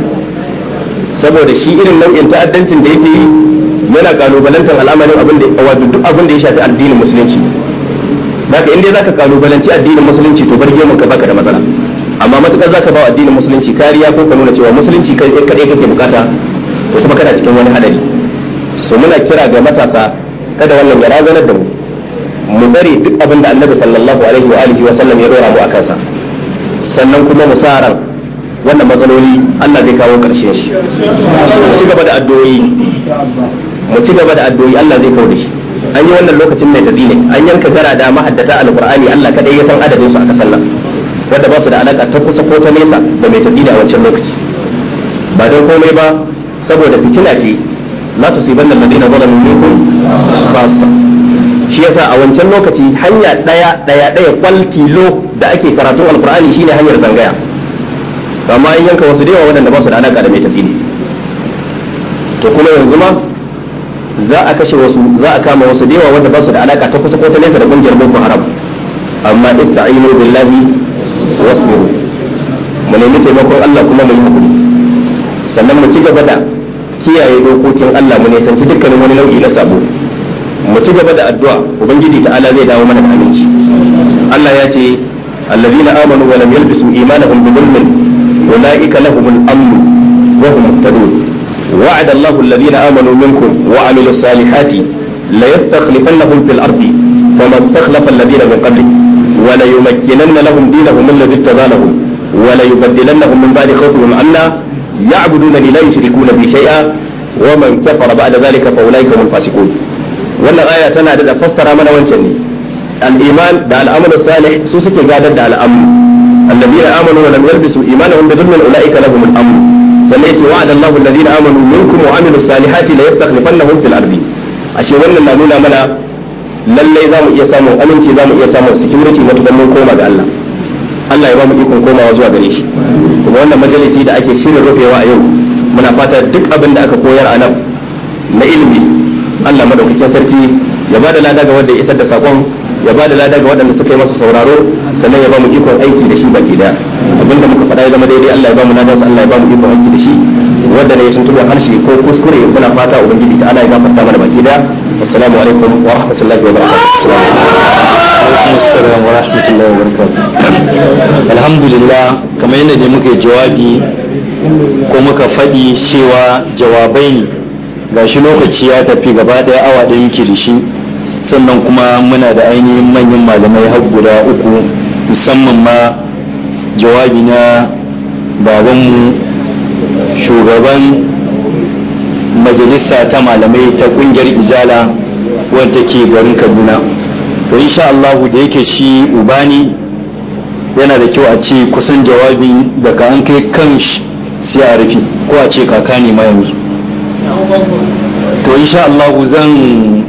saboda shi irin nau'in ta'addancin da yake yi yana kalubalantar al'amarin abin da wato duk abin da ya shafi addinin musulunci zaka inda ka kalubalanci addinin musulunci to bar gemun ka baka da matsala amma matukar zaka ba addinin musulunci kariya ko ka nuna cewa musulunci kai kai kadai kake bukata ko kuma kana cikin wani hadari so muna kira ga matasa kada wannan ya razanar da mu mu tsare duk abin da annabi sallallahu alaihi wa alihi wa sallam ya dora mu akan sa sannan kuma mu sa wannan matsaloli Allah zai kawo karshen shi mu ci gaba da addu'o'i mu ci gaba da addu'o'i Allah zai kawo da shi an yi wannan lokacin mai tazi ne an yanka gara da mahaddata alqur'ani Allah kadai ya san adadin su aka sallah wanda ba su da alaka ta kusa ko ta nesa da mai tasiri a wancan lokaci ba don komai ba saboda fitina ce la tusibanna alladhina zalamu minkum khassa shi yasa a wancan lokaci hanya daya daya daya da ake karatu alqur'ani shine hanyar zangaya amma in yanka wasu da yawa ba su da alaka da mai tasiri to kuma yanzu ma za a kashe wasu za a kama wasu da yawa wanda ba su da alaka ta kusa ko ta nesa da kungiyar boko haram amma ista'inu billahi wasbiru mu nemi taimakon Allah kuma mu yi hakuri sannan mu ci gaba da kiyaye dokokin Allah mu nisanci dukkanin wani nau'i na sabo mu ci gaba da addu'a ubangiji ta'ala zai dawo mana da aminci Allah ya ce alladhina amanu wa lam yalbisu imanahum bi dhulmin ulaika lahumul amn wa hum muhtadun وعد الله الذين آمنوا منكم وعملوا الصالحات ليستخلفنهم في الأرض كما استخلف الذين من قبلهم ولا يمكنن لهم دينهم الذي ارتضى لهم ولا يبدلنهم من بعد خوفهم أمنا يعبدونني لا يشركون بي شيئا ومن كفر بعد ذلك فأولئك هم الفاسقون wannan aya tana da fassara mana wancan ne al-iman da al-amal salih su suke gadar da al'amu alladheena amanu wa lam yalbisu imanahum bi dhulmin ulaika lahum al-amn sannan yace wa'ada Allahu alladheena amanu minkum wa amilus salihati la yastakhlifannahum fil ardi ashe wannan na nuna mana lallai za mu iya samun aminci za mu iya samun security matuƙar mun koma ga Allah Allah ya ba mu ikon komawa zuwa gare shi kuma wannan majalisi da ake shirin rufewa a yau muna fata duk abin da aka koyar a nan na ilimi Allah madaukakin sarki ya ba da lada ga wanda ya isar da sakon ya ba da lada ga waɗanda suka yi masa sauraro sannan ya ba mu ikon aiki da shi baki daya abinda muka faɗa ya zama daidai Allah ya ba mu su Allah ya ba mu ikon aiki da shi wanda ne ya tuntuɓe harshe ko kuskure muna fata ubangiji ta ana ya gafarta mana baki daya السلام عليكم ورحمة الله وبركاته السلام عليكم ورحمة الله وبركاته الحمد alhamdulillah kamar yadda dai muka jawabi ko muka faɗi cewa jawabai ne gashi lokaci ya tafi gaba ɗaya awa ɗaya yake da shi sannan kuma muna da ainihin manyan malamai har guda uku musamman ma jawabi na babanmu shugaban majalisa ta malamai ta kungiyar izala wadda ke garin kaduna to insha Allah da yake shi ubani yana da kyau a ce kusan jawabi daga an kai kan shi a rufi ko a ce kaka ne ma yanzu to insha Allah zan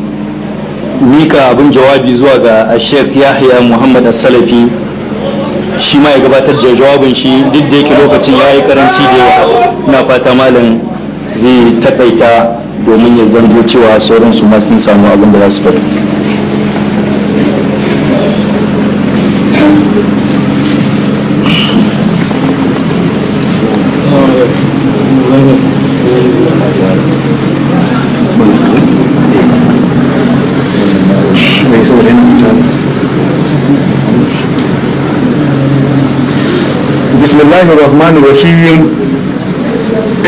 mika abin jawabi zuwa ga ashek yahya muhammad salafi shi ma ya gabatar da jawabin shi duk da yake lokacin ya yi karanci da yawa na fata malam zai takaita domin ya zanto cewa sauransu su ma sun samu abin da za su faɗi بسم الله الرحمن الرحيم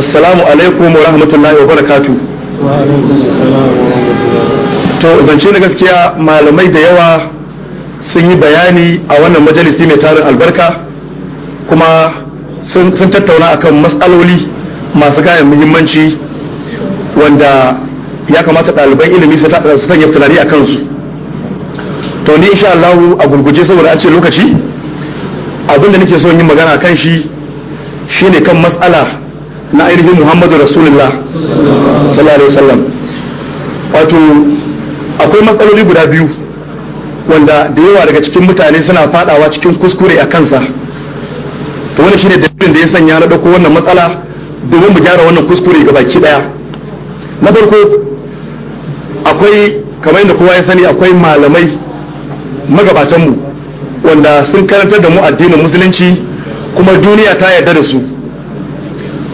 assalamu alaikum wa rahmatullahi wa barakatu to zance na gaskiya malamai da yawa sun yi bayani a wannan majalisi mai tarin albarka kuma sun tattauna akan matsaloli masu kayan muhimmanci wanda ya kamata ɗaliban ilimi su sanya tunani a kansu to ni insha Allah a gurguje saboda an ce lokaci abinda nake son yin magana kan shi shine kan matsala na ainihin muhammadu rasulullah sallallahu alaihi wasallam wato akwai matsaloli guda biyu wanda da yawa daga cikin mutane suna fadawa cikin kuskure a kansa to wani shine dalilin da ya sanya na dauko wannan matsala domin mu gyara wannan kuskure ga baki daya na farko akwai kamar yadda kowa ya sani akwai malamai magabatanmu wanda sun karantar da mu addinin musulunci kuma duniya ta yarda da su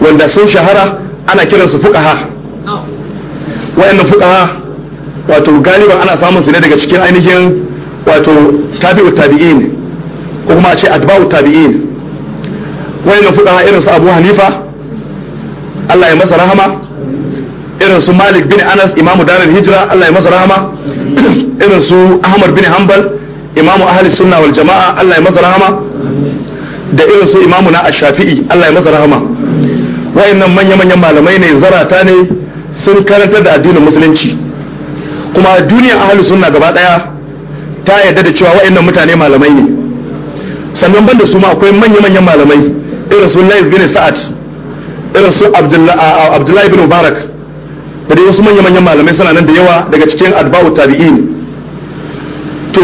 wanda sun shahara ana kiransu fuqaha wayannan fuqaha wato galiban ana samun su ne daga cikin ainihin wato tabi'u tabi'in ko kuma a ce adba'u tabi'in wayannan fuqaha irin su Abu Hanifa Allah ya masa rahama irin su Malik bin Anas imamu darul hijira Allah ya masa rahama (clears throat) irin su Ahmad bin Hanbal imamu ahli sunna wal jama'a Allah ya masa rahama da irin su imamu na ash-shafi'i Allah ya masa rahama wayannan manya-manyan malamai ne zarata ne sun karantar da addinin musulunci kuma duniyar ahlus sunna gaba daya ta yarda da cewa wayannan mutane malamai ne sannan banda su ma akwai manya-manyan malamai irin su Lais bin Sa'ad irin su Abdullahi bin Mubarak da dai wasu manya-manyan malamai suna nan da yawa daga cikin adba'u tabi'in to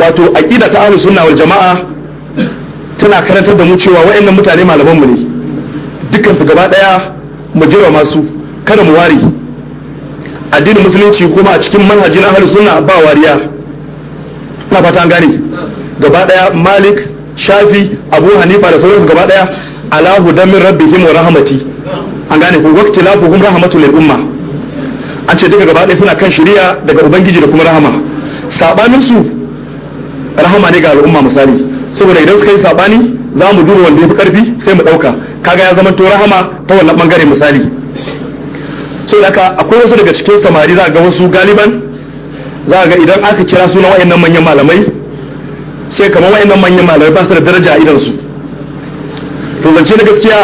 wato aqida ta ahlus sunna wal jama'a tana karantar da mu cewa wayannan mutane malaman mu ne dukkan su gaba daya mu jira masu kada mu wari addinin musulunci kuma a cikin manhajin ahli sunna ba wariya ina fata an gane gaba daya malik shafi abu hanifa da sauransu gaba daya alahu hudan min rabbihim wa rahmati an gane ko hum rahmatul lil umma an ce duka gaba daya suna kan shari'a daga ubangiji da kuma rahama sabanin su rahama ne ga al'umma misali saboda idan suka yi sabani za mu duba wanda ya fi karfi sai mu dauka kaga ya zama to rahama ta wannan bangare misali sai aka akwai wasu daga cikin samari za ga wasu galiban za ga idan aka kira sunan wayannan manyan malamai sai kamar wayannan manyan malamai ba su da daraja a idan su to zance na gaskiya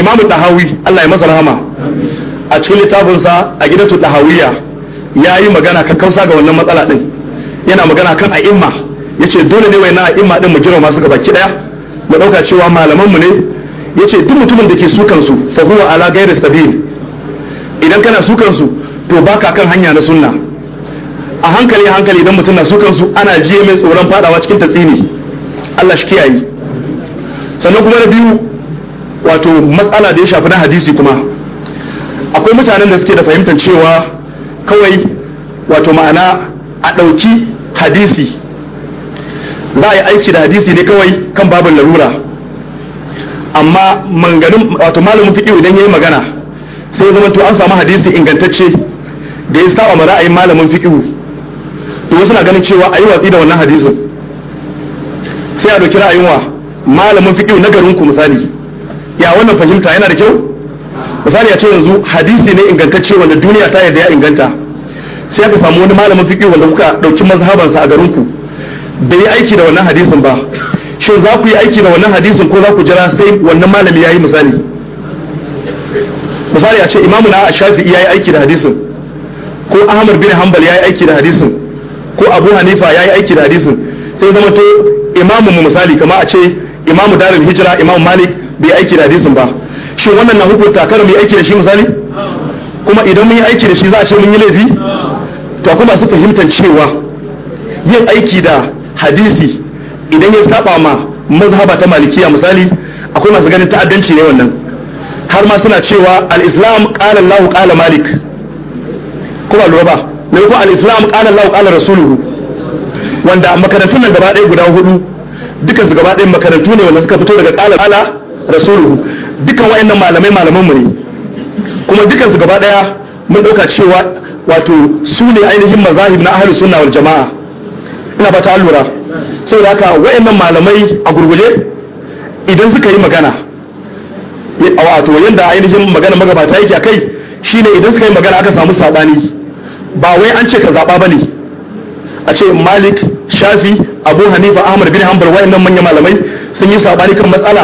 imamu dahawi Allah ya masa rahama a cikin sa a gidatu dahawiya ya yi magana kan kausa ga wannan matsala din yana magana kan a'imma yace dole ne wayannan a'imma din mu girma masu gaba ki daya mu dauka cewa malaman mu ne yace duk mutumin da ke sukan su fa huwa ala ghairi sabil idan kana sukan su to baka kan hanya na sunna a hankali hankali idan mutum na sukan su ana jiye mai tsoron fadawa cikin tatsini Allah shi kiyaye sannan kuma na biyu wato matsala da ya shafi na hadisi kuma akwai mutanen da suke da fahimtar cewa kawai wato ma'ana a ɗauki hadisi za a yi aiki da hadisi ne kawai kan babin larura amma manganin wato malamin fiqh idan ya yi magana sai zama to an samu hadisi ingantacce da ya saba ra'ayin malamin fiqh to wasu na ganin cewa yi watsi da wannan hadisin sai a doki ra'ayin wa malamin fiqh na garin ku misali ya wannan fahimta yana da kyau misali a ce yanzu hadisi ne ingantacce wanda duniya ta yarda ya inganta sai aka samu wani malamin fiqh wanda kuka dauki mazhabansa a garin ku bai yi aiki da wannan hadisin ba shin za ku yi aiki da wannan hadisin ko za ku jira sai wannan malami ya yi misali misali a ce imamu na shafi'i ya yi aiki da hadisin ko ahmad bin Hambal ya yi aiki da hadisin ko abu hanifa ya yi aiki da hadisin sai zama to imamu mu misali kama a ce imamu darul hijira imamu malik bai aiki da hadisin ba shin wannan na hukunta kar mu yi aiki da shi misali kuma idan mun yi aiki da shi za a ce mun yi laifi to kuma su fahimtar cewa yin aiki da hadisi idan ya saba ma mazhaba ta malikiya misali akwai masu ganin ta'addanci ne wannan har ma suna cewa al-islam qala Allah qala malik ko lura ba ne ko al-islam qala Allah qala rasuluhu wanda makarantun nan gaba ɗaya guda hudu dukan su gaba ɗaya makarantu ne wanda suka fito daga qala qala rasuluhu dukan wayannan malamai malaman mu ne kuma dukan su gaba ɗaya mun dauka cewa wato su ne ainihin mazahib na ahlus sunna wal jamaa ina ba ta allura saboda haka wayannan malamai a gurguje idan suka yi magana a wato yadda ainihin magana magabata yake shi ne idan suka yi magana aka samu sabani ba wai an ce ka zaba ne. a ce Malik Shafi Abu Hanifa Ahmad bin Hanbal wayannan manyan malamai sun yi saɓani kan matsala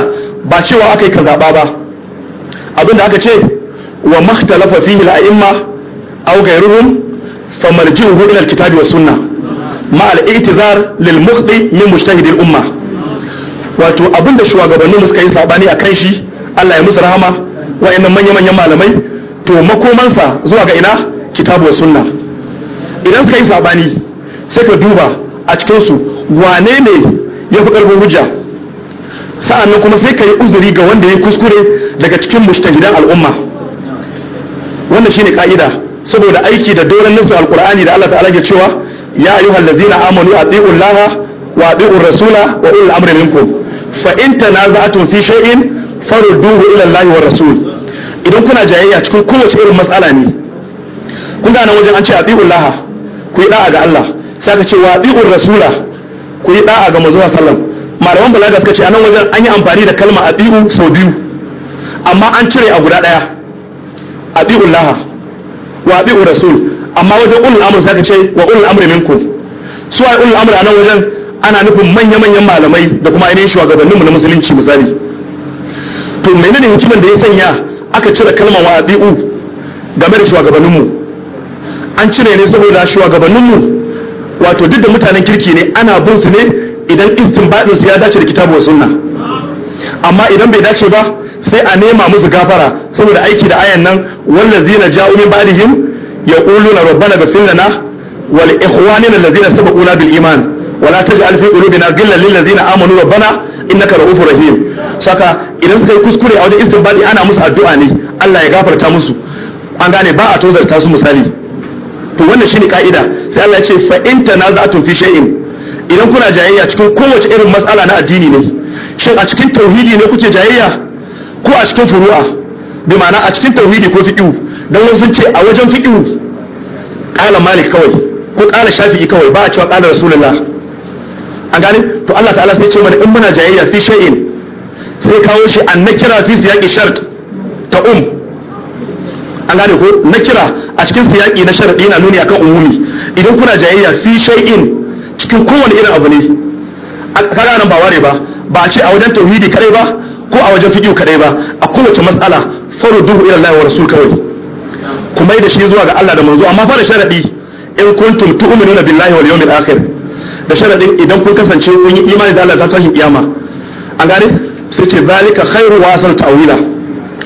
ba cewa aka yi ka zaba ba da aka ce wa fihila a imma aimma aw ghayruhum famarji'uhu ila al-kitabi was sunna. ma al-i'tizar lil mukhti min umma wato abinda shugabannin mu suka yi sabani kan shi Allah ya musu rahama wayannan manya manyan malamai to makomansa zuwa ga ina kitabu wa sunna idan suka yi sabani sai ka duba a cikin su wane ne ya fi karfin hujja nan kuma sai ka yi uzuri ga wanda ya kuskure daga cikin mujtahidan al'umma wannan shine ka'ida saboda aiki da doron nasu alkur'ani da Allah ta'ala ya cewa ya ayyuhal ladzina amanu ati'u Allah wa ati'u rasula wa ulul amri minkum fa in tanaza'tum fi shay'in farudduhu ila Allah wa rasul idan kuna jayayya cikin kowace irin matsala ne kun ga nan wajen an ce ati'u Allah ku yi da'a ga Allah sai ka wa ati'u rasula ku yi da'a ga manzo sallallahu malaman balaga suka ce a nan wajen an yi amfani da kalma ati'u sau biyu amma an cire a guda daya ati'u Allah wa amma wajen ulul amr sai ka ce wa ulul amr minkum su ai ulul amr nan wajen ana nufin manya manyan malamai da kuma ainihin shugabannin mu na musulunci misali to menene hikimar da ya sanya aka cire kalmar wadi'u game da shugabannin mu an cire ne saboda shugabannin mu wato duk da mutanen kirki ne ana bin su ne idan istinbadin su ya dace da kitabu wa sunna amma idan bai dace ba sai a nema musu gafara saboda aiki da ayan nan wallazina ja'u min ba'dihim yaquluna rabbana ghfir lana wa li ikhwanina alladhina sabaquna bil iman wa la taj'al fi qulubina ghillan lil ladzina amanu In innaka ra'ufur rahim saka idan suka yi kuskure a wajen baɗi ana musu addu'a ne Allah ya gafarta musu an gane ba a tozarta su misali to wannan shine ka'ida sai Allah ya ce fa in tanaza'tum fi shay'in idan kuna jayayya cikin kowace irin matsala na addini ne shin a cikin tauhidi ne kuke jayayya ko a cikin furu'a bi a cikin tauhidi ko fiqh don sun ce a wajen fiƙihu ƙala malik kawai ko ƙala shafi'i kawai ba a cewa ƙala rasulullah a gane to Allah ta'ala sai ce mana in muna jayayya fi shay'in sai kawo shi an nakira fi siyaqi shart ta um an gane ko nakira a cikin siyaqi na sharadi yana nuni akan umumi idan kuna jayayya fi shay'in cikin kowane irin abu ne kaga nan ba ware ba ba a ce a wajen tauhidi kadai ba ko a wajen fiqh kadai ba a kowace mas'ala duhu ila Allah wa rasul kawai ku mai da shi zuwa ga Allah da manzo amma fa da sharadi in kuntum tu'minuna billahi wal yawmil akhir da sharaɗi idan kun kasance kun yi imani da Allah ta tashi kiyama an gane sai ce zalika khairu wasal ta'wila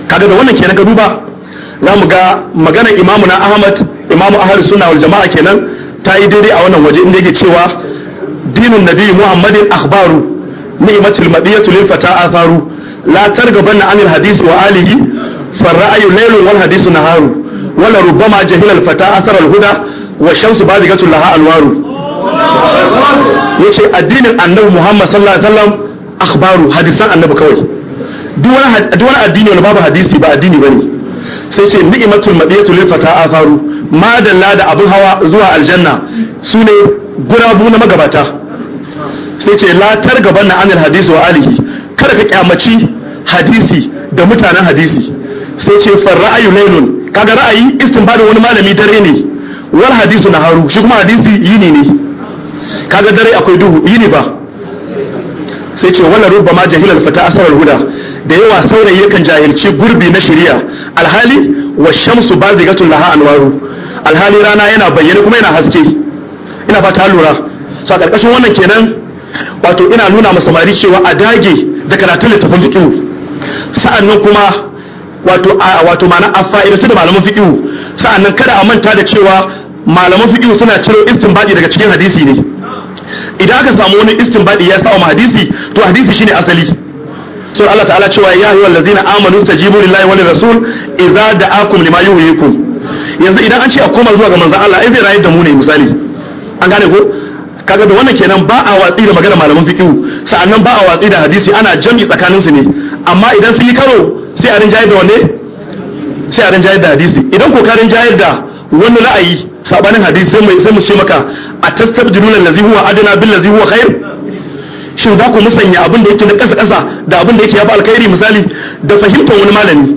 kaga da wannan kenan ka duba zamu ga maganar imamu na Ahmad imamu ahli sunna wal jama'a kenan ta yi daidai a wannan waje inda yake cewa dinin nabi muhammadin akhbaru ni'matul madiyatu lil fata atharu la targabanna anil hadisi wa alihi فالرأي laylun wal hadisu wala rubama jahil al-fata asar al-huda wa shamsu bazigatul laha alwaru yace addinin annabi Muhammad sallallahu alaihi wasallam akhbaru hadisan annabi kawai duk wani addini babu hadisi ba addini bane sai ce ni'matul madiyatu lil fata afaru madalla da abun hawa zuwa aljanna sune gurabu na magabata sai ce la targabanna anil hadisi wa alihi kada ka kyamaci hadisi da mutanen hadisi sai ce farra'ayu laylun kaga ra'ayi da wani malami dare ne wal hadisu na haru shi kuma hadisi yini ne kaga dare akwai duhu yini ba sai ce wala rubba ma jahilal fata asarar huda da yawa saurayi yakan jahilci gurbi na shari'a alhali wa shamsu bazigatun laha anwaru alhali rana yana bayyana kuma yana haske ina fata lura so a karkashin wannan kenan wato ina nuna ma samari cewa a dage da karatun littafin fiqh sa'annan kuma wato wato ma'ana su da malaman sa’an sa'annan kada a manta da cewa malaman fiqh suna ciro baɗi daga cikin hadisi ne idan aka samu wani baɗi ya sa ma hadisi to hadisi shine asali sun Allah ta'ala cewa ya yi ayyuhal ladzina amanu stajibu lillahi wani rasul idza da'akum lima ku yanzu idan an ce a koma zuwa ga manzan Allah ai zai rayar da mu ne misali an gane ko kaga da wannan kenan ba a watsi da magana malaman sa’an sa'annan ba a watsi da hadisi ana jam'i tsakanin su ne amma idan sun yi karo sai a rinjayar da wanne sai a rinjayar da hadisi idan ko ka da wani ra'ayi sabanin hadisi sai mai sai mu ce maka a tastabdiluna allazi huwa adana bin ladzi huwa khair shin za ku musanya abin da yake na kasa kasa da abin da yake ya ba alkhairi misali da fahimtar wani malami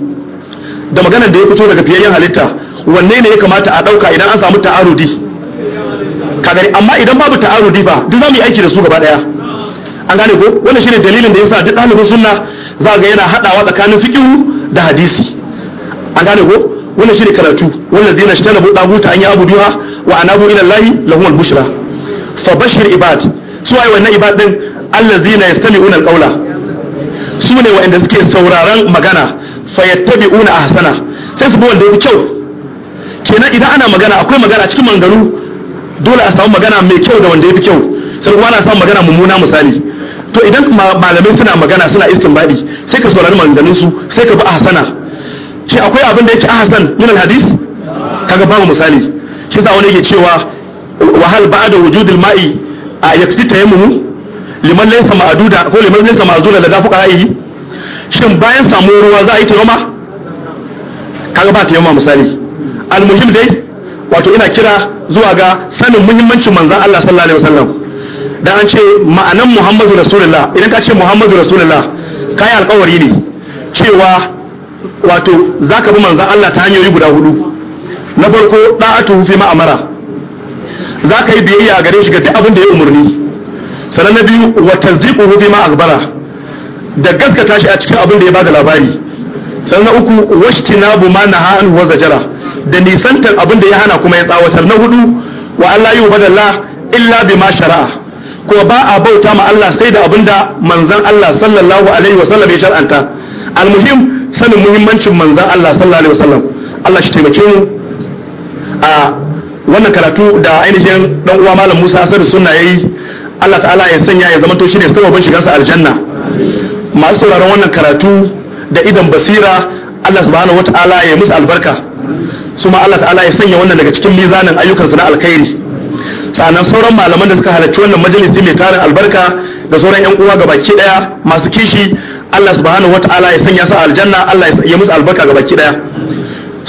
da maganar da ya fito daga fiyayyen halitta wanne ne ya kamata a dauka idan an samu ta'arudi kagari amma idan babu ta'arudi ba duk za mu yi aiki da su gaba daya an gane ko wannan shine dalilin da sa duk ɗalibin sunna za ga yana haɗawa tsakanin fikihu da hadisi an gane ko wannan shi ne karatu wannan zai na shi tana buɗa buta an yi abu duha wa an abu ila lahi al bushra fa bashir ibad su ai wannan ibad din allazina yastami'una qawla su ne wa'anda suke sauraron magana fa yattabi'una ahsana sai su bi wanda yafi kyau kenan idan ana magana akwai magana cikin mangaru dole a samu magana mai kyau da wanda yafi kyau sai kuma ana samu magana mummuna misali to idan malamai suna magana suna istinbadi sai ka saurari maganganun su sai ka bi ahsana shi akwai abin da yake ahsan min alhadis kaga babu misali shi za wani yake cewa wahal ba ba'da wujudil ma'i a yakti tayammumu liman laysa ma'duda ko liman laysa ma'duda da dafuka ayi shin bayan samu ruwa za a yi tayammuma kaga ba tayammuma misali almuhim dai wato ina kira zuwa ga sanin muhimmancin manzon Allah sallallahu alaihi wasallam dan an ce ma'anan muhammadu rasulullah idan ka ce muhammadu rasulullah kayi alkawari ne cewa wato za ka bi manzan Allah ta hanyoyi guda hudu na farko da'atu fi ma'amara za ka yi biyayya gare shi ga duk abin da ya umarni sannan na biyu wa tasdiquhu fi ma akbara da gaskata shi a cikin abin da ya bada labari sannan na uku washtinabu ma naha an wa zajara da nisantar abin da ya hana kuma ya tsawatar na hudu wa Allah yu badalla illa bima shara'a ko ba a bauta ma Allah sai da abinda manzan Allah sallallahu alaihi wasallam ya shar'anta almuhim sanin muhimmancin manzan Allah sallallahu alaihi wasallam Allah shi taimake mu a wannan karatu da ainihin dan uwa malam Musa Asadu sunna yayi Allah ta'ala ya sanya ya zama to shine sababin sa aljanna masu sauraron wannan karatu da idan basira Allah subhanahu wata'ala ya musu albarka su ma Allah ta'ala ya sanya wannan daga cikin mizanin ayyukansu na alkhairi sannan sauran malaman da suka halarci wannan majalisi mai tare albarka da sauran yan uwa gabaki daya masu kishi Allah subhanahu wataala ya sanya su aljanna Allah ya musu albarka gabaki daya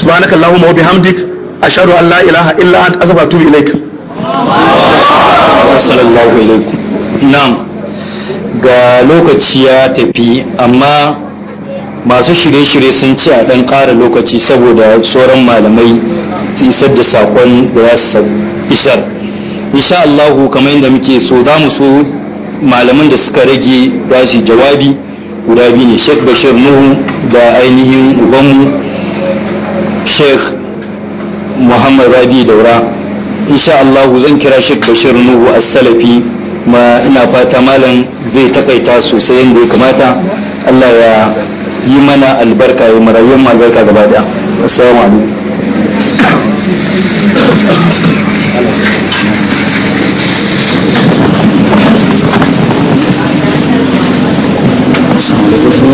subhanaka allahumma wa bihamdik ashhadu an la ilaha illa anta astaghfiruka ilaik sallallahu alaikum na'am ga lokaci ya tafi amma masu shirye-shirye sun ce a ɗan ƙara lokaci saboda sauran malamai su isar da saƙon da za su isar insha Allah kamar yadda muke so za mu so malaman da suka rage bashi jawabi guda biyu ne Sheikh Bashir Nuhu da ainihin ubanmu Sheikh Muhammad Rabi Daura insha Allah zan kira Sheikh Bashir Nuhu as-Salafi ma ina fata malam zai takaita sosai yadda ya kamata Allah ya yi mana albarka ya marayuwar albarka gaba daya assalamu alaikum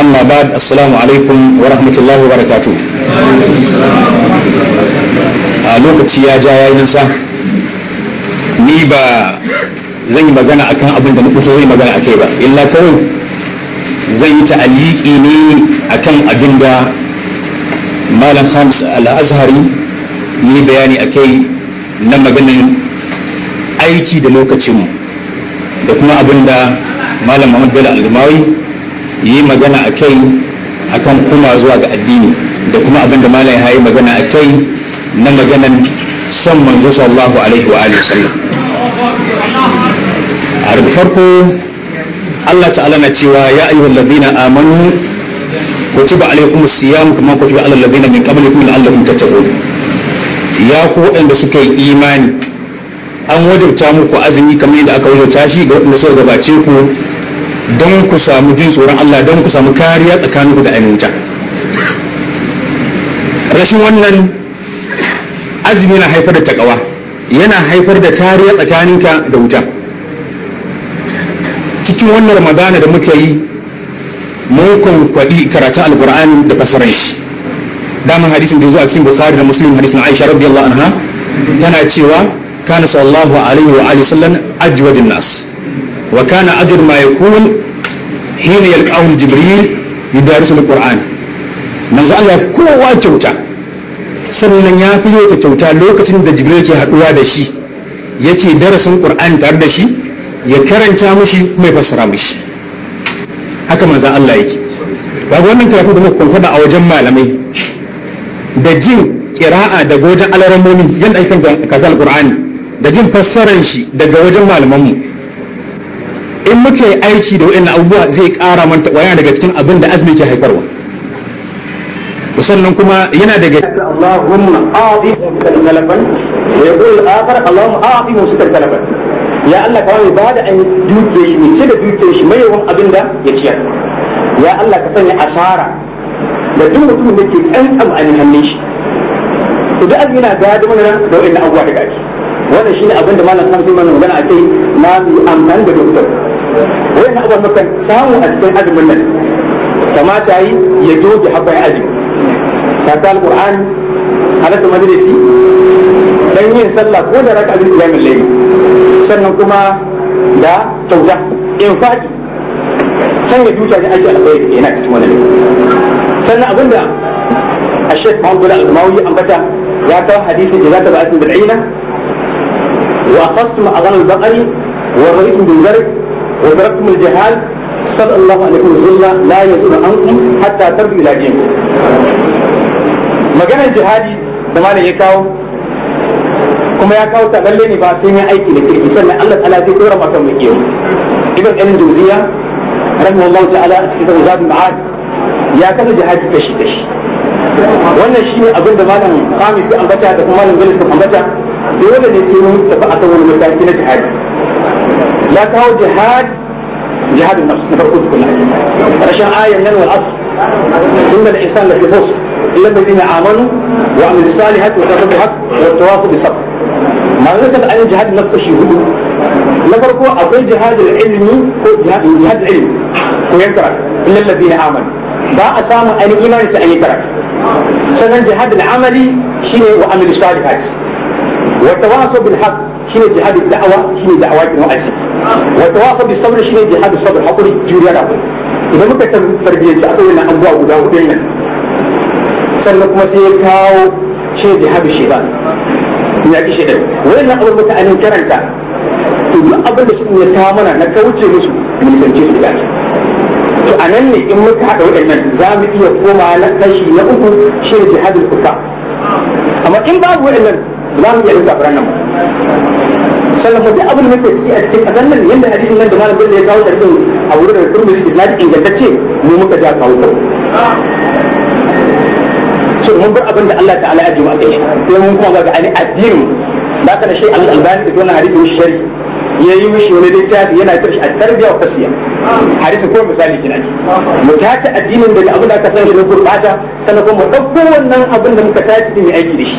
amma ba assalamu wa rahmatullahi wa barakatuh a lokaci ya ja yayin nisa? ni ba zan yi magana akan abin da muke so zan yi magana akai ba illa kawai zan yi ta'aliki ne akan abin da malam Hams al-Azhari ni bayani akai na maganin aiki da lokacinmu da kuma abin da malam Muhammad Bello al yi magana a kai akan kuma zuwa ga addini da kuma abinda malam ya yi magana a kai na maganan son manzo sallallahu alaihi wa alihi sallam a rubu farko Allah ta'ala na cewa ya ayyuhal ladina amanu kutiba alaikumus siyam kama kutiba alal ladina min qablikum la'allakum tattaqun ya ku waɗanda suka yi imani an wajabta muku azumi kamar yadda aka wajabta shi ga waɗanda suka gabace ku don ku samu jin tsoron Allah don ku samu kariya tsakaninku da aminta. rashin wannan azumi na haifar da takawa yana haifar da kariya tsakaninka da wuta cikin wannan ramadana da muka yi mun kwadi karatun alkur'ani da fasaran shi daman hadisin da zuwa cikin bukhari da muslim hadisin aisha radiyallahu anha tana cewa kana sallallahu alaihi wa alihi sallam ajwadin nas وكان أجر ما يكون حين يلقاه جبريل يدارس القرآن manzo Allah kowa kyauta sannan ya fi yau kyauta lokacin da jibril ke haɗuwa da shi yake darasin qur'ani tare da shi ya karanta mishi mai fassara mishi haka manzo Allah yake ba wannan karatu da muka a wajen malamai da jin ƙira'a daga wajen alarammomi yadda ake kaza alqur'ani da jin fassaran shi daga wajen malaman mu in muka yi aiki da waɗannan abubuwa zai kara manta wa daga cikin abin da azumi ke haifarwa sannan kuma yana daga Allahumma a'ti talaban wa yaqul akhar Allahumma a'ti musu talaban ya Allah ka wani bada an duke shi ne da duke shi mai yawan abin da ya ciyar ya Allah ka sanya asara da duk mutumin da ke kan a hannun shi idan azumi na gado mana da waɗannan abubuwa daga ake wannan shine abin da malam Hamza mana magana akai na amfani da doktor wai na abubuwan samu a cikin azumin nan kamata yi ya zo doge haɓar azumi ta ta alƙur'an halatta majalisi dan yin sallah ko da raka abin kiyamin laili sannan kuma da kyauta in faɗi san ya dukiya da ake alkhairi yana cikin wani sannan abinda a shek mahmud al-mawi ambata ya kawo hadisin da za ta ba'atin bil'ina wa qastum azan al-baqari wa ra'aytum bil-zarq وتركتم الجهاد صلى الله عليه وسلم لا يزول عنكم حتى ترجو الى دينكم maganar jihadi da malam ya kawo kuma ya kawo ta lalle ne ba sai mai aiki da kirki sannan Allah ta'ala zai dora maka mai kiyo ibn ibn jawziya rahimahullahu ta'ala a cikin zabul ma'ad ya kasa jihadi kashi kashi wannan shine abin da malam Khamis ya ambata da kuma malam Galis ya ambata dole ne sai mun tafi kan wani mataki na jihadi لا تهو جهاد جهاد النفس نفرقود كل حاجة عشان آية من الأصل إن الإنسان لفي فصل إلا الذين آمنوا وعملوا الصالحات وتواصوا بالحق والتواصل بالصبر ما ذكر أن جهاد النفس شيء هو نفرقوا أقول جهاد العلمي هو جهاد الجهاد العلمي ويكرك إلا الذين آمنوا ba a samu an imanin ترك an yi karatu sannan jihad al-amali shine wa amil salihat wa tawasaw bil haqq shine wa'azi wa tawafa bi shi ne jihadu sabr hakuri juriya da idan muka tarbiyyaci a ɗaurin abubuwa guda hudun nan sannan kuma sai ya kawo shi ne jihadu shi ba ya ki shi ɗin wani na abin mutanen karanta to duk abin da suke ta mana na kauce musu nisance su da to a nan ne in muka haɗa waɗannan za mu iya koma na kashi na uku shi ne jihadul kuka amma in babu waɗannan za mu iya rinka nan ba sannan ko duk abin da muke ciki a cikin kasan nan yadda hadisin nan da malam bin ya kawo da cikin a wurin da turmi shi isnad ingantacce mu muka ja kawo ko so mun bar abin da Allah ta'ala ya jima kai sai mun kuma ga ani addini da kana shi al-albani da wannan hadisin shari yayi mishi wani littafi yana kirshi a tarbiya wa kasiya a risa ko misali kenan mu tace addinin da abin da aka san shi na gurbata sannan kuma mu dauko wannan abin da muka tace din aiki da shi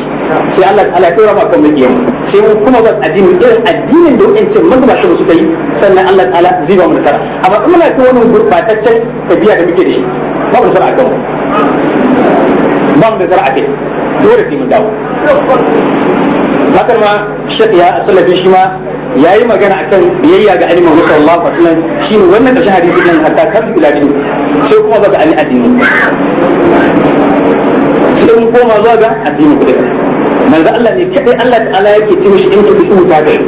sai Allah ta ya tsora mu akan makiyan sai mu kuma ba addinin irin addinin da wa'ance ba shi su kai sannan Allah ta'ala zai ba mu nasara amma in muna cikin wannan gurbataccen tabiya da muke da shi ba mu nasara a mu ba mu nasara akai dole sai mun dawo hakan ma shafiya a sallafin shi ma yayi magana akan biyayya ga annabi Muhammad sallallahu alaihi wasallam ne wannan karshen hadisi nan hatta kan bilatin sai kuma ga ani addini sai mun koma zuwa ga addini kudin manzo Allah ne kadai Allah ta'ala yake cewa shi in tudu ta kai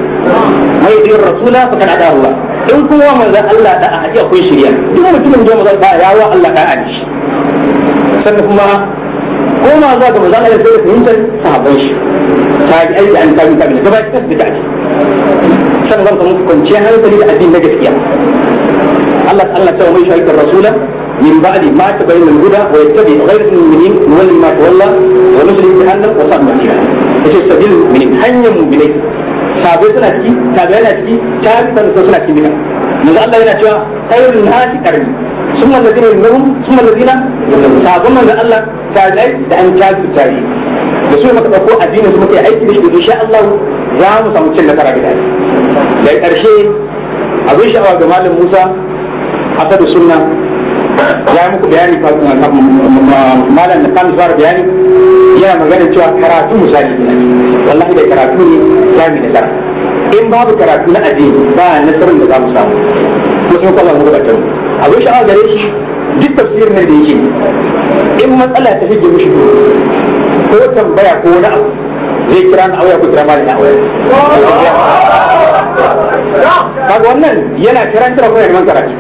mai yin rasula fa kana da Allah in kuma manzo Allah da a hadiya akwai shirya duk mutumin da manzo ba yawa Allah ka a shi sannan kuma koma zuwa ga manzo Allah sai fahimtar sahabban shi ta yi aiki an ta tabi gaba ɗaya su da san zan samu kwanciyar hankali da addini na gaskiya Allah Allah ta mai shaikar rasula min ba'di ma ta bayyana guda wa بعد ما تبين الهدى ويتبع ma المؤمنين wa nusri bi ونصلي wa sa'a masira yace sabil mu'minin hanyar mu'minai sabai suna ciki sabai yana ciki tabi'a da suna cikin mina yanzu Allah yana cewa khairun nasi karni summa ladina yunnahum summa man ladina sabon man da Allah tabi'ai da an tabi'u tabi'i da su maka dauko addini su muke aiki da shi insha Allah za mu samu cin nasara gida da ƙarshe abin sha'awa ga malam musa da sunna ya yi muku bayani malam na kan fara bayani yana magana cewa karatu misali ne wallahi da karatu ne za mu nasara in babu karatu na addini ba nasarar da za mu samu ko sun kwallon mu gabatar abin sha'awa gare shi duk tafsirin nan da yake in matsala ta shige mishi ko tambaya ko wani abu zai kira na auya ko kira malami na auya kaga wannan yana karantar ko yana karatu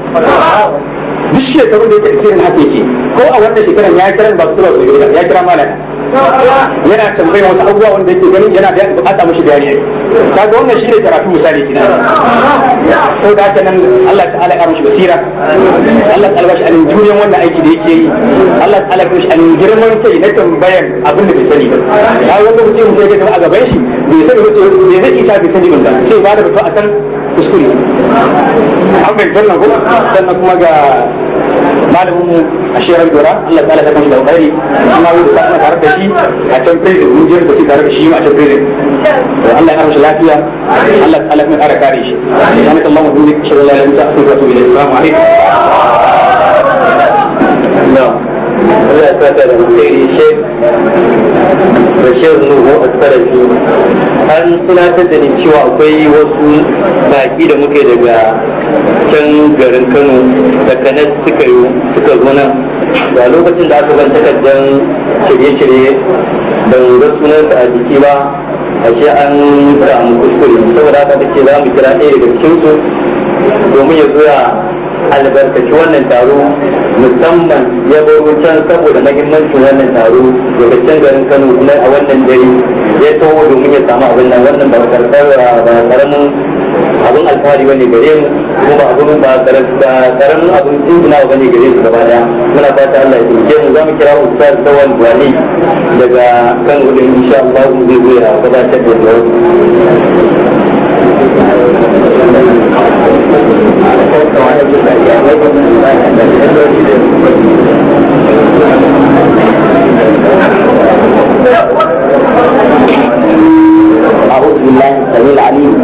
duk shekarun da yake shirin haka yake ko a wannan shekaran ya kira ba su da ya kira malami yana tambayar wasu abubuwa wanda yake ganin yana da ya samu shi bayani kaga wannan shine karatu misali kina sau da haka nan Allah ta'ala ya mishi basira Allah ta'ala bashi alin juriyan wannan aiki da yake yi Allah ta'ala bashi alin girman kai na tambayan abin da bai sani ba ya wanda kuke mu kai ga gaban shi bai sani ba bai zai isa bai sani ba sai ba da ba a san kuskure an bai sannan kuma sannan kuma ga malamin a shirar gora Allah ta'ala ta kashi da alkhairi kuma wuce ta tare da shi a can prison mun je da shi tare da shi a can prison Allah ya amsa lafiya Allah ta Allah kara kare shi Amin allahumma wa bihamdika ashhadu an la ilaha illa anta astaghfiruka wa atubu alaikum Allah ya saka da alheri shek Bashir Nuhu Asarafi an tunatar da ni cewa akwai wasu baki da muke daga can garin Kano da kanas suka yi suka zo nan da lokacin da aka ban takardar shirye-shirye ban ga sunansa a jiki ba ashe an mu kuskure saboda haka take za mu kira ɗaya daga cikin su domin ya zuwa albarkaci wannan taro musamman ya bar can saboda mahimmancin wannan taro daga can garin Kano kuma a wannan dare ya taho domin ya samu abin nan wannan ba karɓar ba karamin abun alfahari bane gare mu kuma ba abun ba karamin abun tuntuna ba ne gare su gaba daya muna fata Allah ya tunke mu za mu kira ustaz Dawal Buhari daga kan gudun insha Allah zai zo ya gabatar da zuwa أعوذ بالله السميع العليم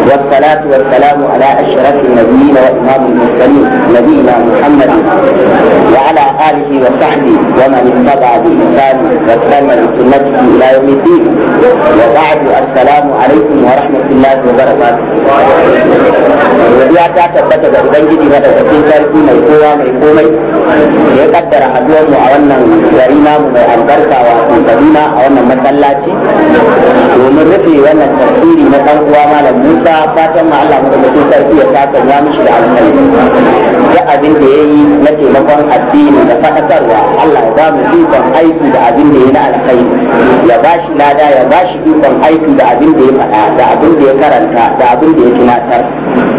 والصلاة والسلام على أشرف النبيين وإمام المرسلين نبينا محمد وعلى آله وصحبه ومن اتبع بإحسان واستنى بسنته إلى يوم الدين وبعد السلام عليكم ورحمة الله وبركاته ya ta tabbata da ubangiji madaukakin sarki mai kowa mai komai da ya kaddara haduwar mu a wannan gari namu mai albarka wato kaduna a wannan masallaci domin rufe wannan tafsiri na ɗan uwa malam musa ta fatan ma Allah da mutum sarki ya saka ya mishi da alƙali ya abin da yayi na taimakon addini da fadakarwa Allah ya ba mu ikon aiki da abin da yayi na alkhairi ya ba shi lada ya ba shi ikon aiki da abin da ya faɗa da abin da ya karanta da abin da ya tunatar